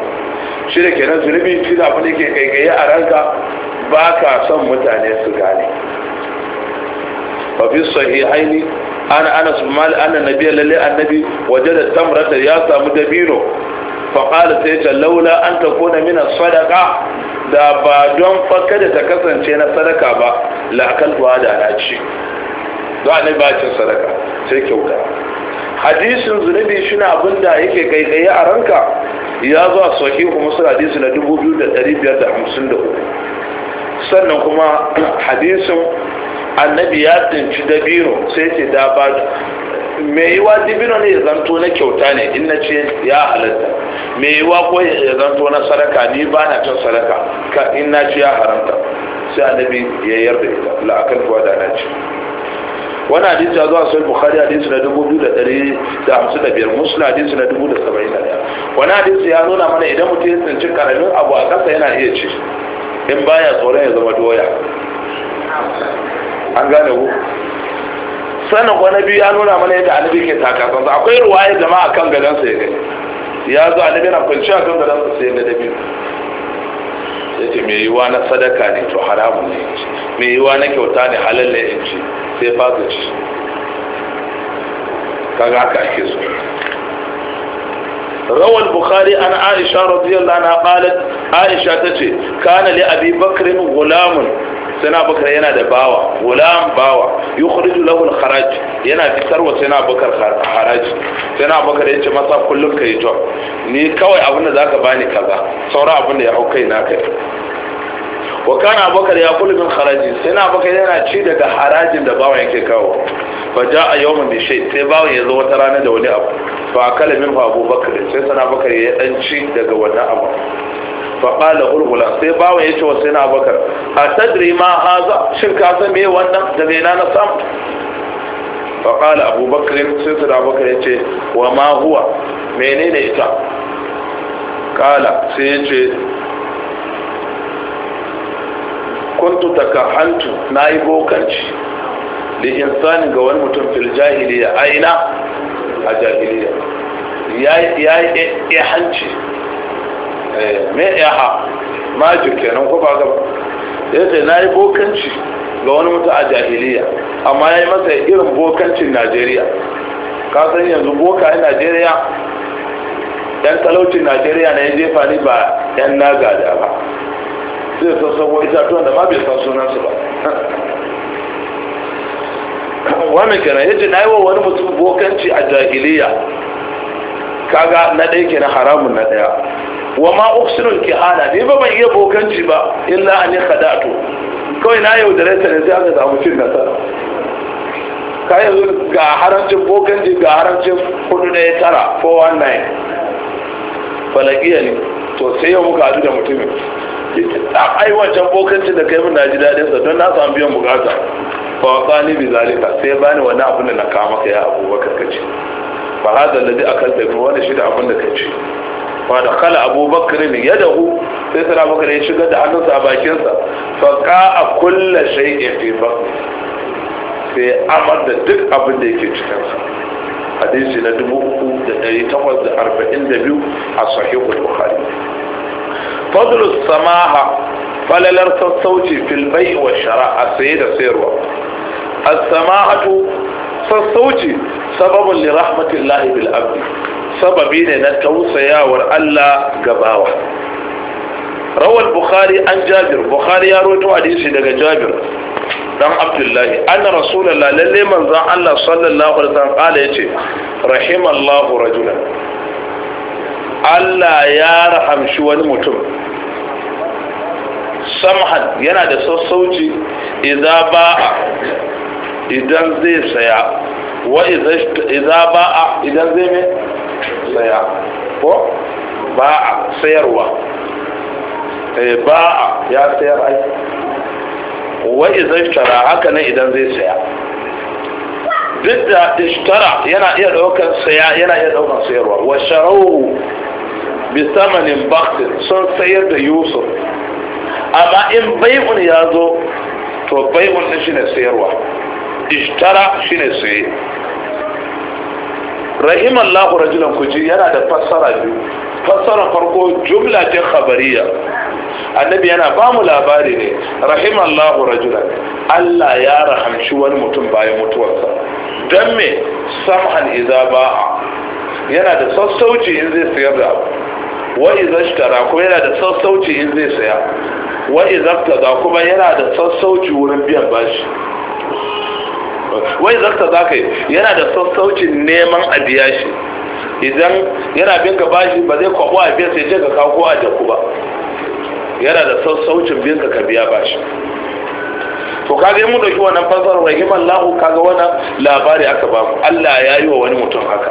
shi da kenan zunubi shi da abu da ke kaikaye a ranka ba ka son mutane su gane sahi haini ana anas mal na nabiyya lalle annabi da tamratar ya samu dabino fa sai ta laula an kona mina sadaka. da ba don fakka da ta kasance na sadaka ba la'akal da na ci a ne ba cin sadaka sai kyauta hadisin zunubi shine abin da yake gaigaye a ranka ya zo a kuma su hadisi na 2553 sannan kuma hadisin annabi ya tsinci dabino sai ce da ba mai yiwa dibino ne ya zanto na kyauta ne in na ce ya halatta mai yiwa ko ya zanto na sadaka ni ba na cin sadaka in na ce ya haramta sai annabi ya yarda ita la'akar da na ce wani hadisi ya zuwa sai bukhari hadisi na dubu da da hamsin 2,155 muslim hadisi na dubu da da saba'in 2,071 wani hadisi ya nuna mana idan mutum ya tsinci karamin abu a kasa yana iya ci in baya tsoron ya zama doya an gane ku sannan wani biyu ya nuna mana yadda alibi ke takasansa akwai zama jama'a kan gadansa ya gani ya zo alibi na kwanci a kan gadansa sai ya gada biyu sai ce mai yiwuwa na sadaka ne to haramun ne mai yiwa na kyauta ne halal ne in ci sai ba ka ci kaga haka ake so روى البخاري عن عائشة رضي الله عنها قالت عائشة تتي كان لأبي بكر غلام سنا بكر ينا دباوة غلام باوة يخرج له الخرج ينا بكر وسنا بكر خرج سنا بكر Ni kawai كل كيتو ني كوي أبن ذاك باني كذا صورة أبن يحوكي ناكي wa kana bakar ya kullu min haraji sai na bakar yana ci daga harajin da bawan yake kawo fa a yawman bi shay sai bawan ya zo wata rana da wani abu fa akala min fa abubakar sai sana bakar ya dan ci daga wani abu fa qala gulgula sai bawan ya ce wa sai na bakar a tadri ma haza shin ka san me wannan da me na samu fa qala abubakar sai sana bakar ya ce wa ma huwa menene ita kala sai ya ce kuntu takahantu na yi bokanci da insani ga wani mutum fil jahiliya aina a jahiliya e, e eh, ya yi hanci me mai iha majin kenan ko ba ga ya ce na yi bokanci ga wani mutum a jahiliya amma ya yi masa irin bokancin najeriya ka san yanzu boka a najeriya yan talaucin najeriya na yin jefa ni ba yan naga da ba zai ita itatuwan da ma bai san sunansu ba wannan kenan ya ce na yi wa wani mutum bokanci a jahiliya kaga na ɗaya na haramun na ɗaya wa ma ki hana ne ba ban iya bokanci ba illa an yi khadatu kawai na yaudare ta ne sai aka samu cin nasara ka yanzu ga harancin bokanci ga harancin kudu ɗaya tara 419 falakiya ne to sai yau muka haɗu da mutumin ai wancan bokancin da kai muna na ji daɗin sa don na samu biyan bukata fa wa tsani bi zalika sai bani wani abin da na kama ka ya abubakar ka ce fa hada ladhi akalta min wani shi da abin da ka ce fa da kala abubakar ne ya dahu sai sai abubakar ya shiga da hannunsa a bakinsa fa kulla kullu shay'in fi ba. sai amar da duk abin da yake cikin sa hadisi na 3842 a sahihul bukhari fadlus samaha falalar sassauci fil wa shara a saye da sayarwa as-samahatu sassauci sababin li rahmatillahi bil sababi ne na tausayawar Allah gabawa rawal bukhari an jabir bukhari ya roto hadisi daga jabir dan abdullahi anna rasulullah lalle manzon Allah sallallahu alaihi wasallam yace rahimallahu rajulan Allah ya rahamshi wani mutum samhan yana da sassauci idan ba'a idan zai saya wa idan ba'a idan zai mai saya ko ba'a sayarwa eh, ba'a ya sayar ai wa idan tara haka nan idan zai saya duk da ishtara yana iya daukan saya yana iya daukan sayarwa wa sharau bisamanin baktin sun sayar da yusuf amma in bai'un ya zo to bai'un din shine sayarwa ishtara shine saye rahimallahu rajulan kuji yana da fassara biyu fassara farko jumla ce khabariya annabi yana ba mu labari ne rahimallahu rajulan Allah ya rahamshi wani mutum bayan mutuwarsa don me samhan iza ba'a yana da sassauci in zai sayar da abu wa izashtara kuma yana da sassauci in zai saya wa izaftaza kuma yana da sassauci wurin biyan bashi wa izaftaza kai yana da sassaucin neman a biya shi idan yana bin ka bashi ba zai kwabo a biya sai je ka kawo a jaku ba yana da sassaucin bin ka biya bashi to kaga yin mu dauki wannan fasarar rahimallahu kaga wannan labari aka ba Allah ya yi wa wani mutum haka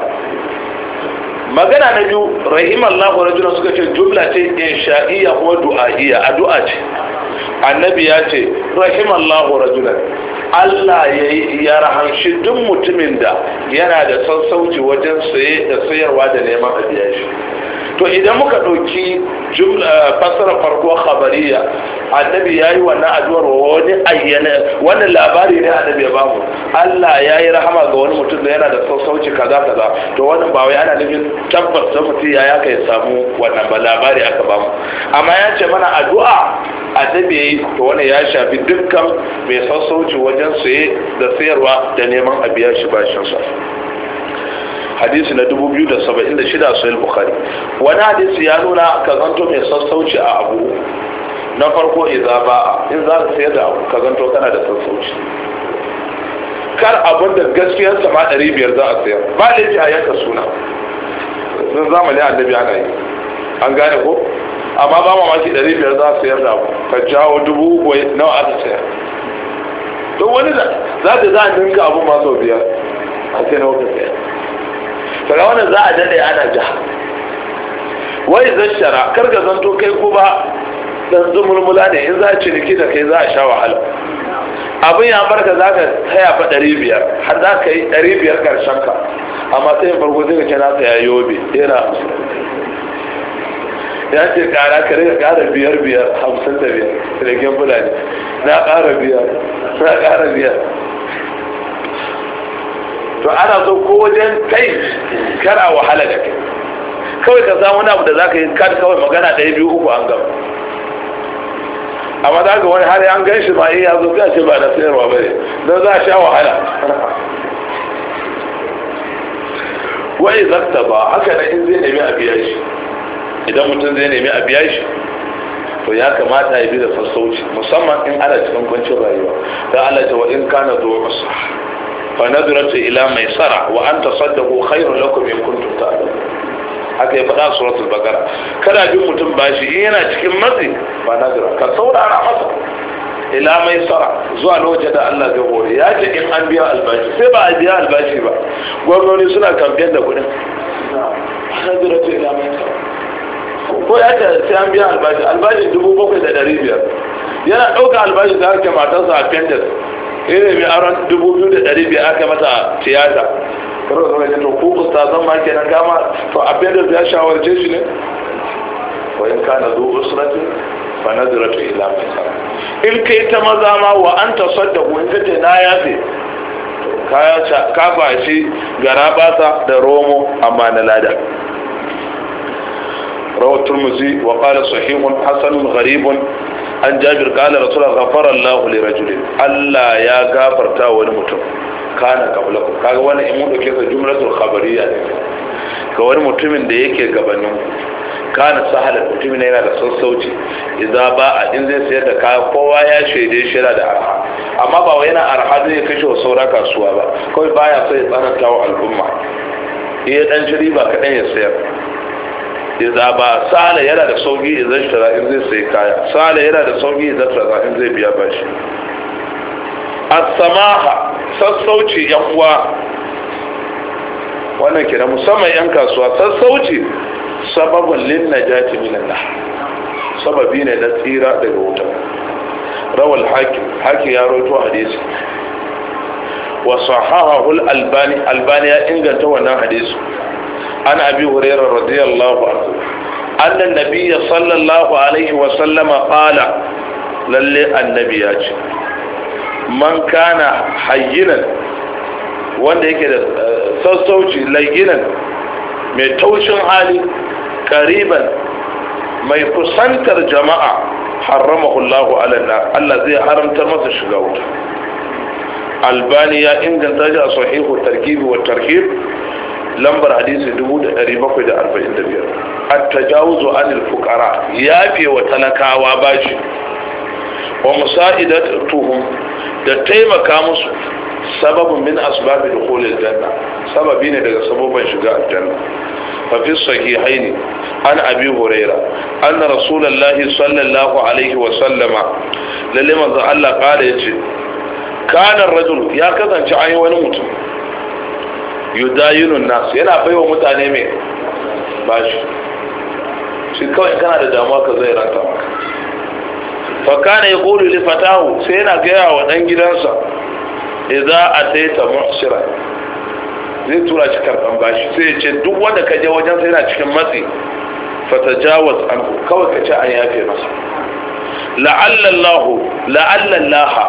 magana na biyu rahimallahu rajula suka ce jumla ce insha'iyya ko du'a'iyya addu'a ce annabi ya ce rahimallahu rajula Allah ya rahamshi duk mutumin da yana da sassauci wajen saye da sayarwa da neman abiya shi to idan muka ɗauki eh, fasara farko khabariya annabi ya yi wannan addu'ar wani ayyana wannan labari ne annabi ya bamu Allah ya yi rahama ga wani mutum da yana da sassauci kaza kaza to wannan ba wai ana nufin tabbas ta mutum ya yaka ya samu wannan ba labari aka bamu amma ya ce mana addu'a a dabe to wani ya shafi dukkan mai sassauci wajen saye da sayarwa da neman a biya shi bashin sa hadisi na 2076 sahih bukhari wani hadisi ya nuna ka zanto mai sassauci a abu na farko idza ba'a in za ka sayar da abu ka zanto kana da sassauci kar abin da gaskiyarsa ma 500 za a sayar ba laifi a yanka suna sun zamani annabi ana yi an gane ko amma ba mamaki ɗari biyar za su yarda ka jawo dubu uku nawa aka sayar to wani da za ta za a dinka abin masu biyar a sai na wata sayar daga wani za a daɗe ana ja wai zashara kar ka zanto kai ko ba dan zumulmula ne in za a ciniki da kai za a sha wahala abin ya barka za ka taya fa ɗari biyar har za ka yi ɗari biyar ƙarshen ka amma sai ya farko zai ka kira ta ya yobe yana ya ce ƙara ka rika ƙara biyar biyar hamsin da biyar rigen fulani na ƙara biyar na ƙara biyar to ana so ko wajen kai kar a wahala da kai kawai ka samu wani abu da za ka yi kar kawai magana ɗaya biyu uku an gaba amma za ga wani har an gan shi ma iya zo ce ba na sayarwa ba ne don za a sha wahala wai zakta ba haka na in zai nemi a biya shi idan mutum zai nemi a biya shi to ya kamata ya bi da sassauci musamman in ana cikin kwancin rayuwa Da Allah ta wa in kana zuwa masu fa nadratu ila mai sara wa an tasaddaqu khairun lakum in kuntum ta'lamun haka ya faɗa suratul bakara kada bin mutum shi in yana cikin matsi ba na jira ka saurara masa ila mai sara zuwa lokacin da Allah zai hore ya ce in an biya albashi sai ba a biya albashi ba gwamnoni suna kamfen da kuɗin jira to ila mai sara ko ya ce sai an biya albashi albashi dubu bakwai da ɗari biyar yana ɗauka albashi da harkar matarsa a fendar ina mai aron dubu biyu da ɗari biyar aka mata tiyata karo da zama to ku ustazan ma nan gama. to abin da ya shawarce shi ne wa in kana zu usrati fa nadratu ila maisara in kai ta maza ma wa an ta tasaddaqu in kace na yafe ka ba shi gara basa da romo amma na lada روى الترمذي وقال صحيح حسن غريب an jabir kala rasulullah ghafara Allah li rajulin Allah ya gafarta wani mutum kana qablakum kaga wani in mun dauke ka jumlatul khabariya ne ga wani mutumin da yake gabanin kana sahala mutumin yana da sassauci idza ba a din zai sayar da kaya kowa ya shaide shi da arha amma ba wai yana arha zai kashe wa saura kasuwa ba kawai baya so ya tsananta wa al'umma E, dan ba kaɗan ya sayar Iza ba sala yana da sauki idan tara in zai sai kaya sala yana da sauki idan tara in zai biya bashi as-samaha sassauci yan uwa wannan kenan musamman yan kasuwa sassauci sababun lin najati min Allah sababi ne na tsira daga wuta rawal hakim hakim ya rawaito hadisi wa sahahahu al-albani albani ya inganta wannan hadisi an abi hurairah radiyallahu anhu annan nabiyya sallallahu alaihi wa sallama qala lalle annabi ce man kana wanda yake da sassauci layyinan mai taushin hali kariban mai kusantar jama'a haramahullahu alanna Allah zai haramta masa shiga wuta albani ya inganta shi a sahihu tarkibi wa tarkib lambar hadisi 745 at-tajawuzu anil fuqara yafe wa talakawa bashi wa musa'idatuhum da taimaka musu sababin min asbabi dukhulil janna sababi ne daga sababan shiga janna. fa fi sahihaini an abi huraira anna rasulullahi sallallahu alaihi wa sallama lalle manzo Allah kare ce. kana rajul ya kasance ayi wani mutum yudayinun nasu yana baiwa mutane mai bashi shi kawai kana da damuwa ka zai ranta maka fakana ya kuri li fatahu sai yana gaya wa ɗan gidansa a idza ataita muhsira zai tura shi karɓar bashi sai ya ce duk wanda ka je wajen sai yana cikin matsi fatajawaz anhu kawai ka ce an yafe masa La'allallahu, la'allallaha.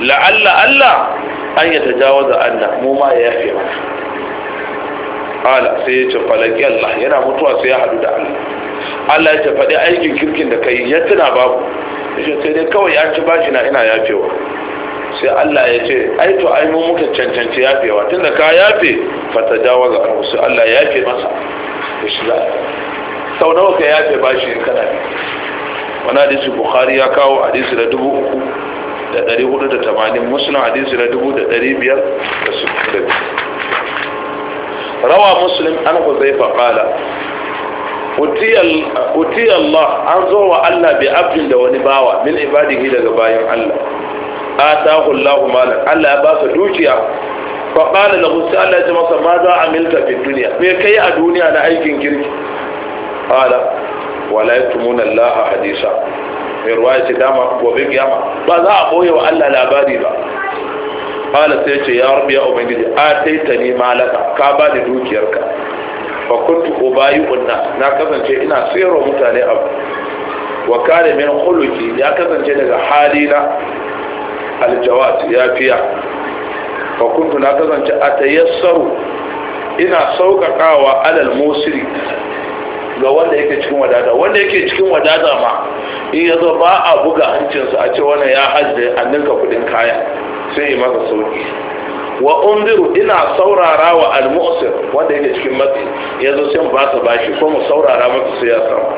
la'alla la'alla Allah an yi tajawaza anna mu ma ya yafe ba? ala sai ya ce falaki Allah yana mutuwa sai ya hadu da Allah Allah ya ce faɗi aikin kirkin da kai ya tuna babu ya sai dai kawai ya ci bashi na ina yafewa sai Allah ya ce ai to ai mu muka cancanci yafewa tun da ka yafe fata jawaza anhu sai Allah ya yafe masa ya shiga sau nawa ka yafe bashi kana kana wani hadisi bukhari ya kawo hadisi da dubu uku da ɗari hudu da tamanin muslim hadisi na dubu da ɗari biyar da sufuri rawa muslim an huzaifa kala utiya Allah an zo wa Allah bi abdin da wani bawa min ibadihi daga bayan Allah atahu Allah malam, Allah ya baka dukiya fa qala lahu sai Allah ya masa ma za a amilta fi duniya. me kai a duniya na aikin kirki qala wala yaktumuna Allah hadisa mai ruwa ya ce dama gobe kiyama ba za a boye wa Allah labari ba qala sai ce ya rabbi ya ubangiji ni malaka ka ba da dukiyarka fa kuntu ubayyun na kasance ina sayarwa mutane abu wa kare min khuluqi ya kasance daga na aljawat ya fiya fa kuntu na kasance atayassaru ina sauƙaƙawa alal musiri ga wanda yake cikin wadata wanda yake cikin wadata ma in ya zo ba a buga hancinsa a ce wannan ya hajji a ninka kudin kaya sai yi masa sauki wa umbiru ina saurara wa almusir wanda yake cikin matsi ya zo sai ba sa bashi ko mu saurara masa sai ya samu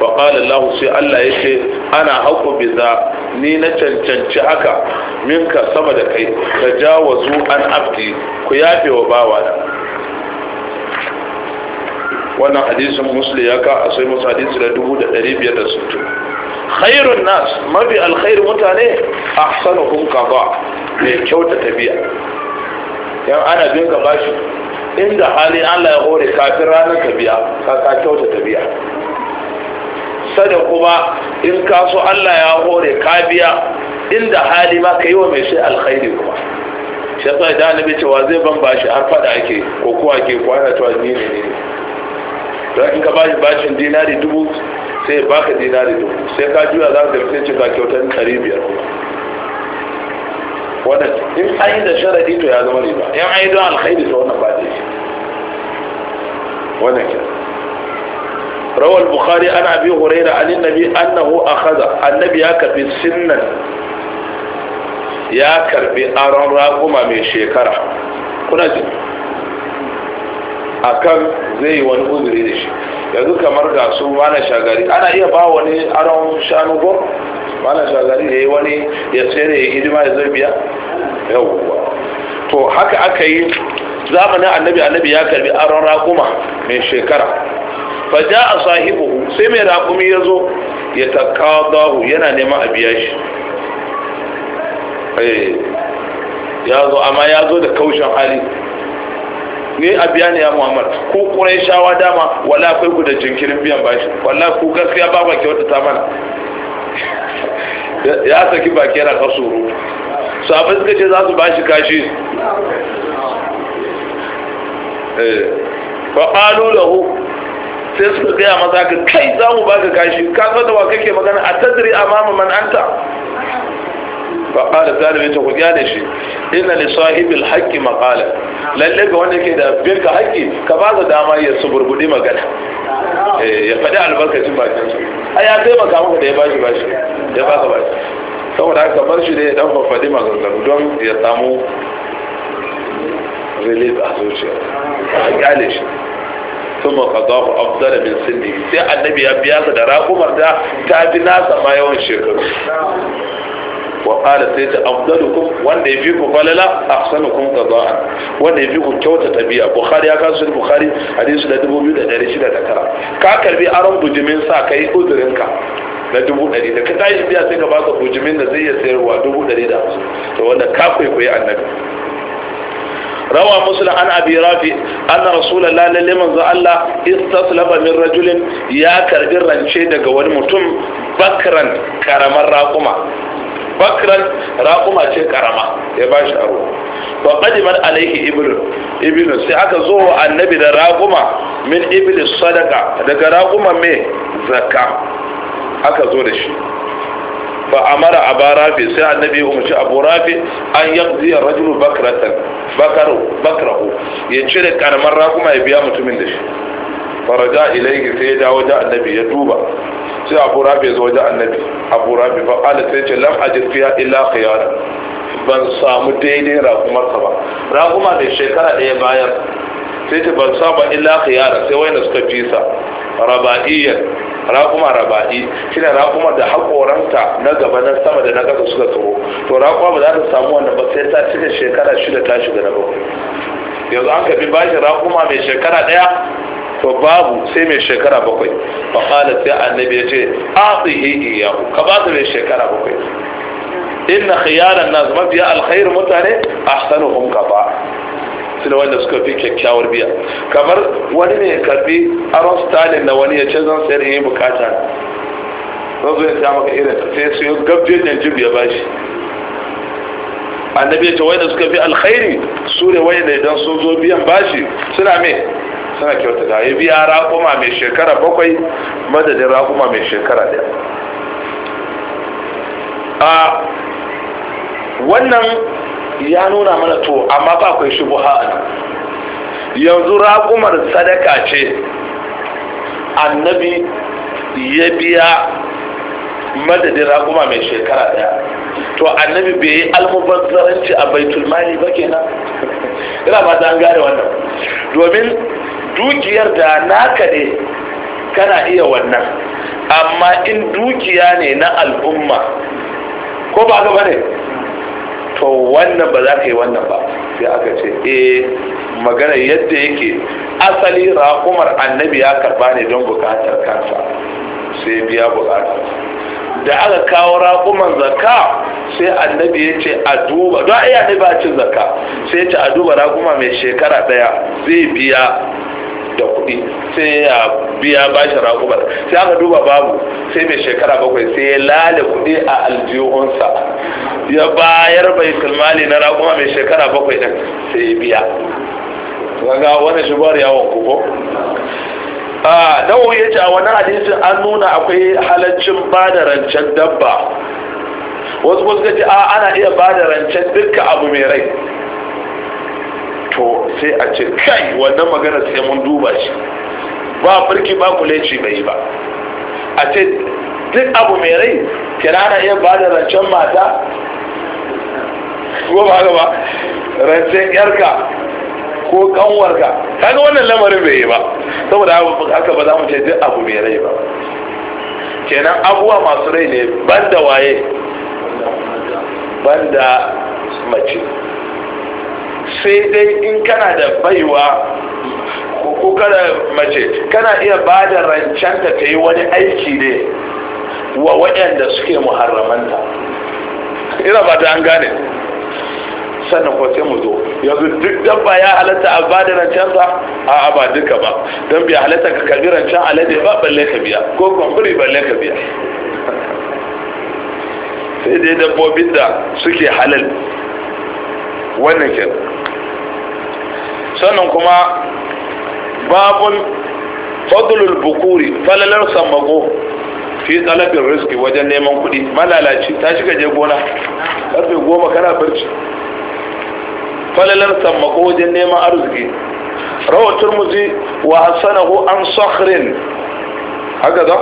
wa qala allah sai allah yace ana haƙo biza ni na cancanci haka minka sama da kai tajawazu an abdi ku yafe wa da. wannan hadisin muslim ya ka a sai musu hadisi da dubu da ɗari biyar da sittin khairun nas mafi alkhairu mutane a ahsanuhum ba mai kyauta tabiya yan ana bin ka bashi inda hali Allah ya hore kafin ranar tabiya ka ka kyauta tabiya sada kuma in ka so Allah ya hore ka biya inda hali ma ka yi wa mai sai alkhairi kuma shi yasa da annabi cewa zai ban bashi har fada ake ko kuwa ke kwana to ni ne ne don in ka bashi bashin dinari dubu sai baka dinari dubu sai ka juya za ka sai cika kyautar ɗari biyar wannan in an yi da sharaɗi to ya zama riba in an yi don alkhairi ta wannan ba daidai wannan kenan روى البخاري عن ابي هريره عن النبي انه اخذ النبي يا كربي سنا يا كربي اران راقما mai shekara. kuna jini. akan zai yi wani uzuri da shi yanzu kamar ga su mana shagari ana iya ba wani aron shanu ko mana shagari da ya wani ya tsere ya hidima ya zai biya yawwa to haka aka yi zamanin annabi annabi ya karbi aron raƙuma mai shekara faja a sahibu sai mai raƙumi ya zo ya takadahu yana neman a biya shi eh, ya zo amma ya zo da kaushin hali ne a biya ne ya muhammad ku shawa dama wala akwai ku da jinkirin biyan bashi wala ku gaskiya ba ba kyauta ta mana ya saki kera ka kasuru su abin suka ce za su bashi kashi eh, fa da lahu sai suka gaya maza ka kai za mu baka kashi ka san da wa kake magana a tadri amama man anta ta da talib ta ku da shi inna li sahibil haqqi maqala lalle ga wanda ke da bin ka haƙƙi ka ba da dama ya suburbudi magana eh, ya faɗi albarkacin bakin su a ya taimaka maka da ya bashi bashi ya ba baka bashi saboda haka bar shi da ya dan faɗi maganganu don ya samu relief a zuciya a kyale shi sun makadafu afdala min sinni sai annabi ya biya da raƙumar da ta bi nasa ma yawan shekaru wa qala sai ta afdalukum wanda yafi ku falala ahsanukum qada'an wanda yafi ku kyauta tabi'a bukhari ya kasu bukhari hadisi da 2609 ka karbi aron bujumin sa kai uzurin ka na dubu ɗari da ka tashi biya sai ka baka bujumin da zai iya sayarwa dubu ɗari da hamsin to wanda ka kwaikwayi annabi روى مسلم عن ابي رافع ان رسول الله لله من الله استسلم من رجل يا كربي رانشي daga wani mutum bakran karamar raquma bakran raƙuma ce karama ya ba shi aro fa qadiman alaihi ibnu ibnu sai aka zo wa annabi da raƙuma min ibnu sadaka daga raƙuma mai zakka aka zo da shi fa amara aba rafi sai annabi umarci abu rafi an yaqdi ar-rajulu bakratan bakaru bakrahu ya cire karamar raƙuma ya biya mutumin da shi faraja ilaihi sai ya dawo da annabi ya duba sai abu rabi zo da annabi abu rabi fa ala sai ce lam ajid fiha illa ban samu daidai rakumar ka ba rakuma mai shekara ɗaya bayan sai ta ban samu illa khiyar sai wayanda suka fisa raba'iyya rakuma raba'i shine rakuma da haƙoranta na gaba na sama da na ƙasa suka tsoro to rakuma ba za ta samu wannan ba sai ta cika shekara shida ta shiga na bakwai yanzu an ka bi bashi rakuma mai shekara ɗaya. to babu sai mai shekara bakwai fa qala sai annabi ya ce a atihi iyahu ka ba su mai shekara bakwai inna khiyaran nas mafiya alkhair mutane ahsanuhum ba su da wanda suka fi kyakkyawar biya kamar wani ne ya karbi aron stalin na wani ya ce zan sayar in yi bukata zan zo ya siya maka irin sai su yi gabjin yanjin ya bashi annabi ya ce wanda suka fi alkhairi su ne wanda idan sun zo biyan bashi suna mai suna da ya biya raƙuma mai shekara bakwai madadin raƙuma mai shekara ɗaya a wannan ya nuna mana to amma ba akwai buha a nan yanzu raƙumar sadaka ce annabi ya biya madadin raƙuma mai shekara ɗaya to annabi bai yi almubazzaranci a baitul ba kenan ina ba an gane wannan domin dukiyar da naka ne kana iya wannan amma in dukiya ne na al'umma ko ba ga bane to wannan ba za ka yi wannan ba sai aka ce eh magana yadda yake asali raƙumar annabi ya karba ne don bukatar kansa sai biya bukatar da aka kawo raƙuman zakka sai annabi ya ce a duba don ai annabi ba cin zakka sai ya ce a duba raƙuma mai shekara ɗaya zai biya da kuɗi sai ya biya bashi raƙumar sai aka duba babu sai mai shekara bakwai sai ya lale kuɗi a aljihunsa ya bayar bai tilmali na raguma mai shekara bakwai ɗin sai ya biya ga wani shigar yawon kuko dawo ya ce a wani hadisin an nuna akwai halaccin ba da rancen dabba wasu wasu gaji a ana iya ba da rancen dukkan abu mai rai to sai a ce kai wannan magana sai mun duba shi ba birki ba kuleci bai yi ba a ce duk abu mai rai kira na iya ba da rancen mata ko ba ga ba rancen yarka ko kanwarka kaga wannan lamarin bai yi ba saboda haka ba za mu ce duk abu mai rai ba kenan abuwa masu rai ne banda waye banda mace sai dai in kana da baiwa ko kada mace kana iya ba da rancanta ta yi wani aiki ne wa waɗanda suke muharramanta ina ba ta an gane sannan ko sai mu zo yanzu duk dabba ya halatta a ba da rancen a ba duka ba don biya halatta ka karbi rancen alade ba balle ka biya ko kwamfuri balle ka biya sai dai dabbobin da suke halal wannan kenan sannan kuma babun fadlul bukuri falalar sammago fi talabin riski wajen neman kuɗi malalaci ta shiga je gona karfe goma kana barci falalar sammako wajen neman arziki rawar turmuzi wa hassanahu an sakhrin haka za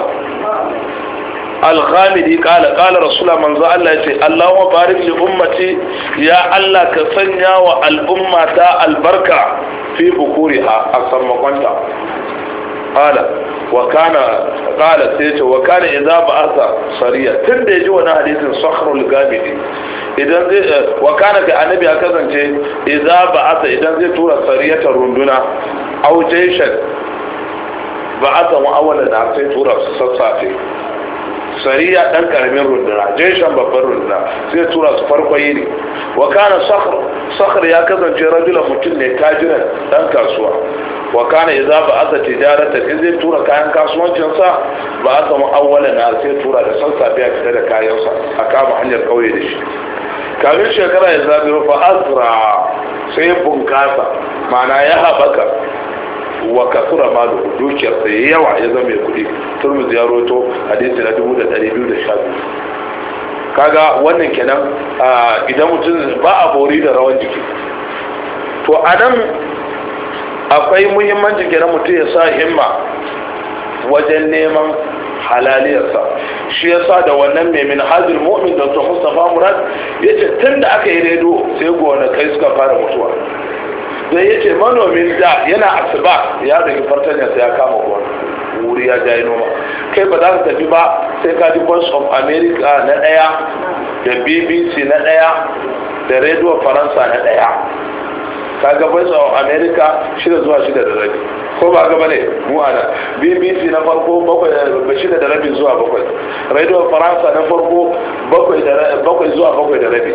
al-ghamidi kala kala rasula manzo Allah ya ce Allahumma barik li ummati ya Allah ka sanya wa al'umma ta albarka fi bukuriha a sammakonta kala wa kana kala sai ce wa kana idza ba'atha sariya tun da yaji wani hadisin sakhrul ghamidi idan zai wa kana ga annabi ya kasance idza ba'atha idan zai tura sariyata runduna au jayshan ba'atha wa awwalan sai tura su sassafe sariya dan karamin runduna jeshan babban runduna sai tura su farko yini wa kana sakhr sakhr ya kasance rajula mutum ne tajiran dan kasuwa wa kana idza ba aka tijarata in zai tura kayan kasuwancin sa mu awwala na sai tura da sassafe ya fita da kayan sa aka ba hanyar kauye da shi kafin shekara ya zabi fa azra sai bunkasa mana ya habaka wa kasura malu dukiyar sa yawa ya zama mai kuɗi turmus ya roto hadisi na 1212 kaga wannan kenan idan mutum ba a bori da rawan jiki to a nan akwai muhimmanci kenan mutum ya sa himma wajen neman halaliyarsa shi ya sa da wannan mai min hajjil mu'min dr mustapha murad ya ce tun da aka yi redo sai gona kai suka fara mutuwa zai ya ce manomin da yana asuba ya zagi fartanyarsa ya kama gona wuri ya jayi noma kai ba za ka tafi ba sai ka ji voice of america na daya da bbc na daya da radio faransa na daya. ka gaban bai tsawon amerika shida zuwa shida da rabi ko ba gaba ne mu ana bbc na farko bakwai da shida da rabi zuwa bakwai radio faransa na farko bakwai bakwai zuwa bakwai da rabi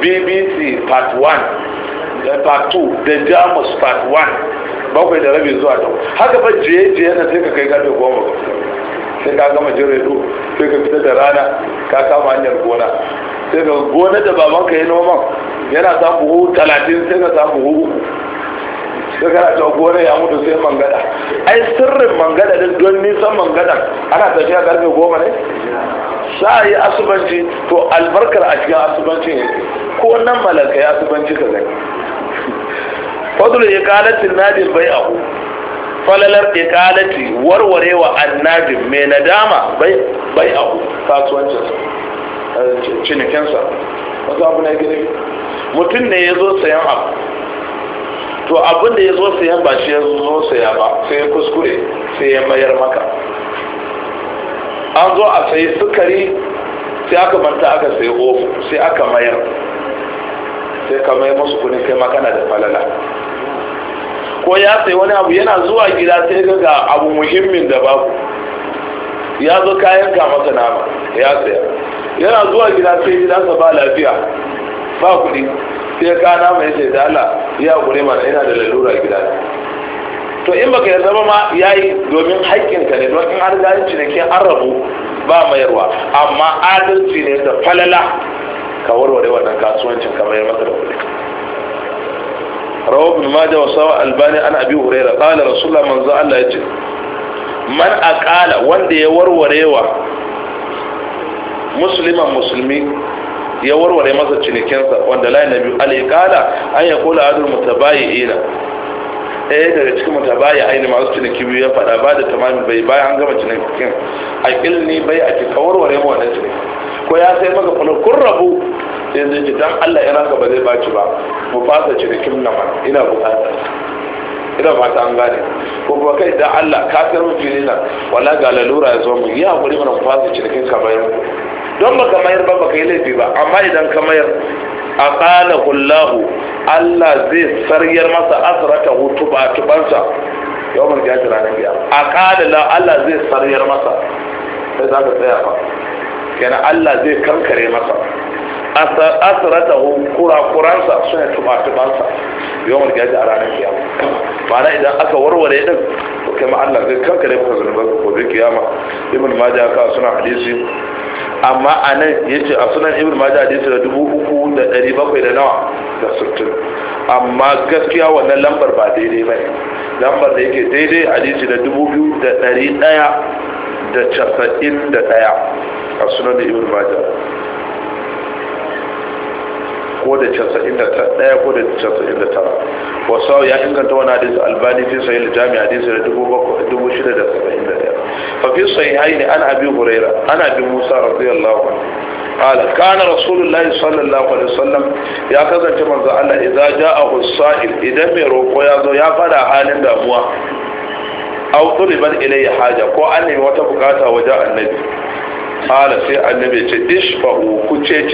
bbc part 1 part 2 da jamus part 1 bakwai da rabi zuwa da haka ba jiye jiye na sai ka kai gado goma sai ka gama jirai redo sai ka fita da rana ka kama hanyar gona sai ka gona da ka yi noman yana samu buhu talatin sai ka samu buhu sai ka cewa gona ya mutu sai mangada ai sirrin mangada din don nisan mangada ana tafiya karfe goma ne sa yi asubanci to albarkar a cikin asubanci ne ko nan malaka ya asubanci ka zai fadul ya kalatin nadin bai ahu falalar ikalati warwarewa annabi mai nadama bai a kasuwancinsa eh, cinikinsa wasu abu na gini mutum ne ya zo sayan abu to abin da ya zo sayan ba shi ya zo saya ba sai ya kuskure sai ya mayar maka an zo a sayi sukari sai aka manta aka sayi ofu sai aka mayar sai ka mayar musu kudin kai makana da falala ko ya sai wani abu yana zuwa gida sai ga ga abu muhimmin da babu ya zo kayan ka masa nama ya saya yana zuwa gida sai gidansa ba lafiya ba kuɗi sai ka nama ya sai da Allah ya kure mana yana da lalura gida to in baka yarda ba ma yayi domin ka ne don in an gani ke an rabu ba mayarwa amma adalci ne da falala ka warware wannan kasuwancin kamar masa da kuɗi rawa ibn majah wa sawa albani an abi huraira qala rasulullah manzo Allah yace man aqala wanda ya warwarewa musliman musulmi ya warware masa cinikinsa wanda layin na biyu alaiƙala an ya ta adul mutabayi'ina ɗaya daga cikin mata baya aini masu ciniki biyu ya faɗa ba da tamamin bai bai an gama cinikin a ƙilni bai a ki kawarware mu wannan ciniki ko ya sai maka fulur kun rabu sai zai dan Allah ya raka ba zai baci ba mu fasa cinikin nan ina bukata ina fata an gane ko kuma kai dan Allah ka sayar fili nan wala ga lalura ya zo mu yi hakuri mana mu fasa cinikin ka bayan don ba ka mayar ba ba ka yi laifi ba amma idan ka mayar a aqala kullahu Allah zai sarriyar masa hutu asrata hutuba tubansa yawmul qiyamah ranar kiyama aqala la Allah zai sarriyar masa sai zaka tsaya fa yana Allah zai kankare masa asratahu kurakuransa suna tubatubansa yawan gaji a ranar kiyama ma'ana idan aka warware din to kai ma Allah zai kankare maka zunubanka gobe kiyama ibn majah ka suna hadisi amma a nan ya ce a sunan ibn majah hadisi da dubu uku da ɗari bakwai da nawa da sittin amma gaskiya wannan lambar ba daidai ba lambar da yake daidai hadisi da dubu biyu da ɗari ɗaya da casa'in da ɗaya a sunan ibn majah ko da ɗaya ko da tara. wasu ya inganta wani hadisi albani fi sahih al-jami hadisi da 6771 fa fi sahihaini an abi huraira an abi musa radiyallahu anhu قال كان رسول الله صلى الله عليه وسلم يا كذا من قال اذا جاءه السائل اذا مروقو يا يا فدا حالين دموا aw tuliban ilayya haja ko an nemi wata bukata waje annabi qala sai annabi ce ishfahu ku shi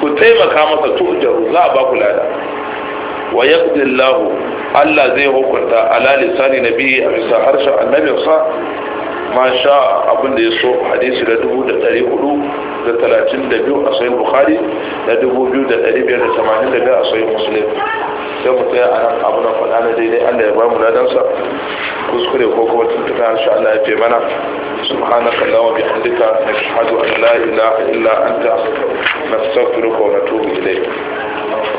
ku taimaka masa tujaru za a ba ku lada wa yaqdi Allah zai hukunta ala lisani biyu a bisa harshen annabinsa ma sha abin da ya so hadisi da dubu da ɗari hudu da talatin da biyu a sayin bukhari da dubu biyu da da tamanin da biyu a sayin musulun don mu tsaya a nan abu na faɗa na daidai allah ya ba mu ladansa kuskure ko kuma tuntuɓe a sha allah ya fi mana subhanaka allahumma bihamdika nashhadu an la ilaha illa anta nastaghfiruka wa natubu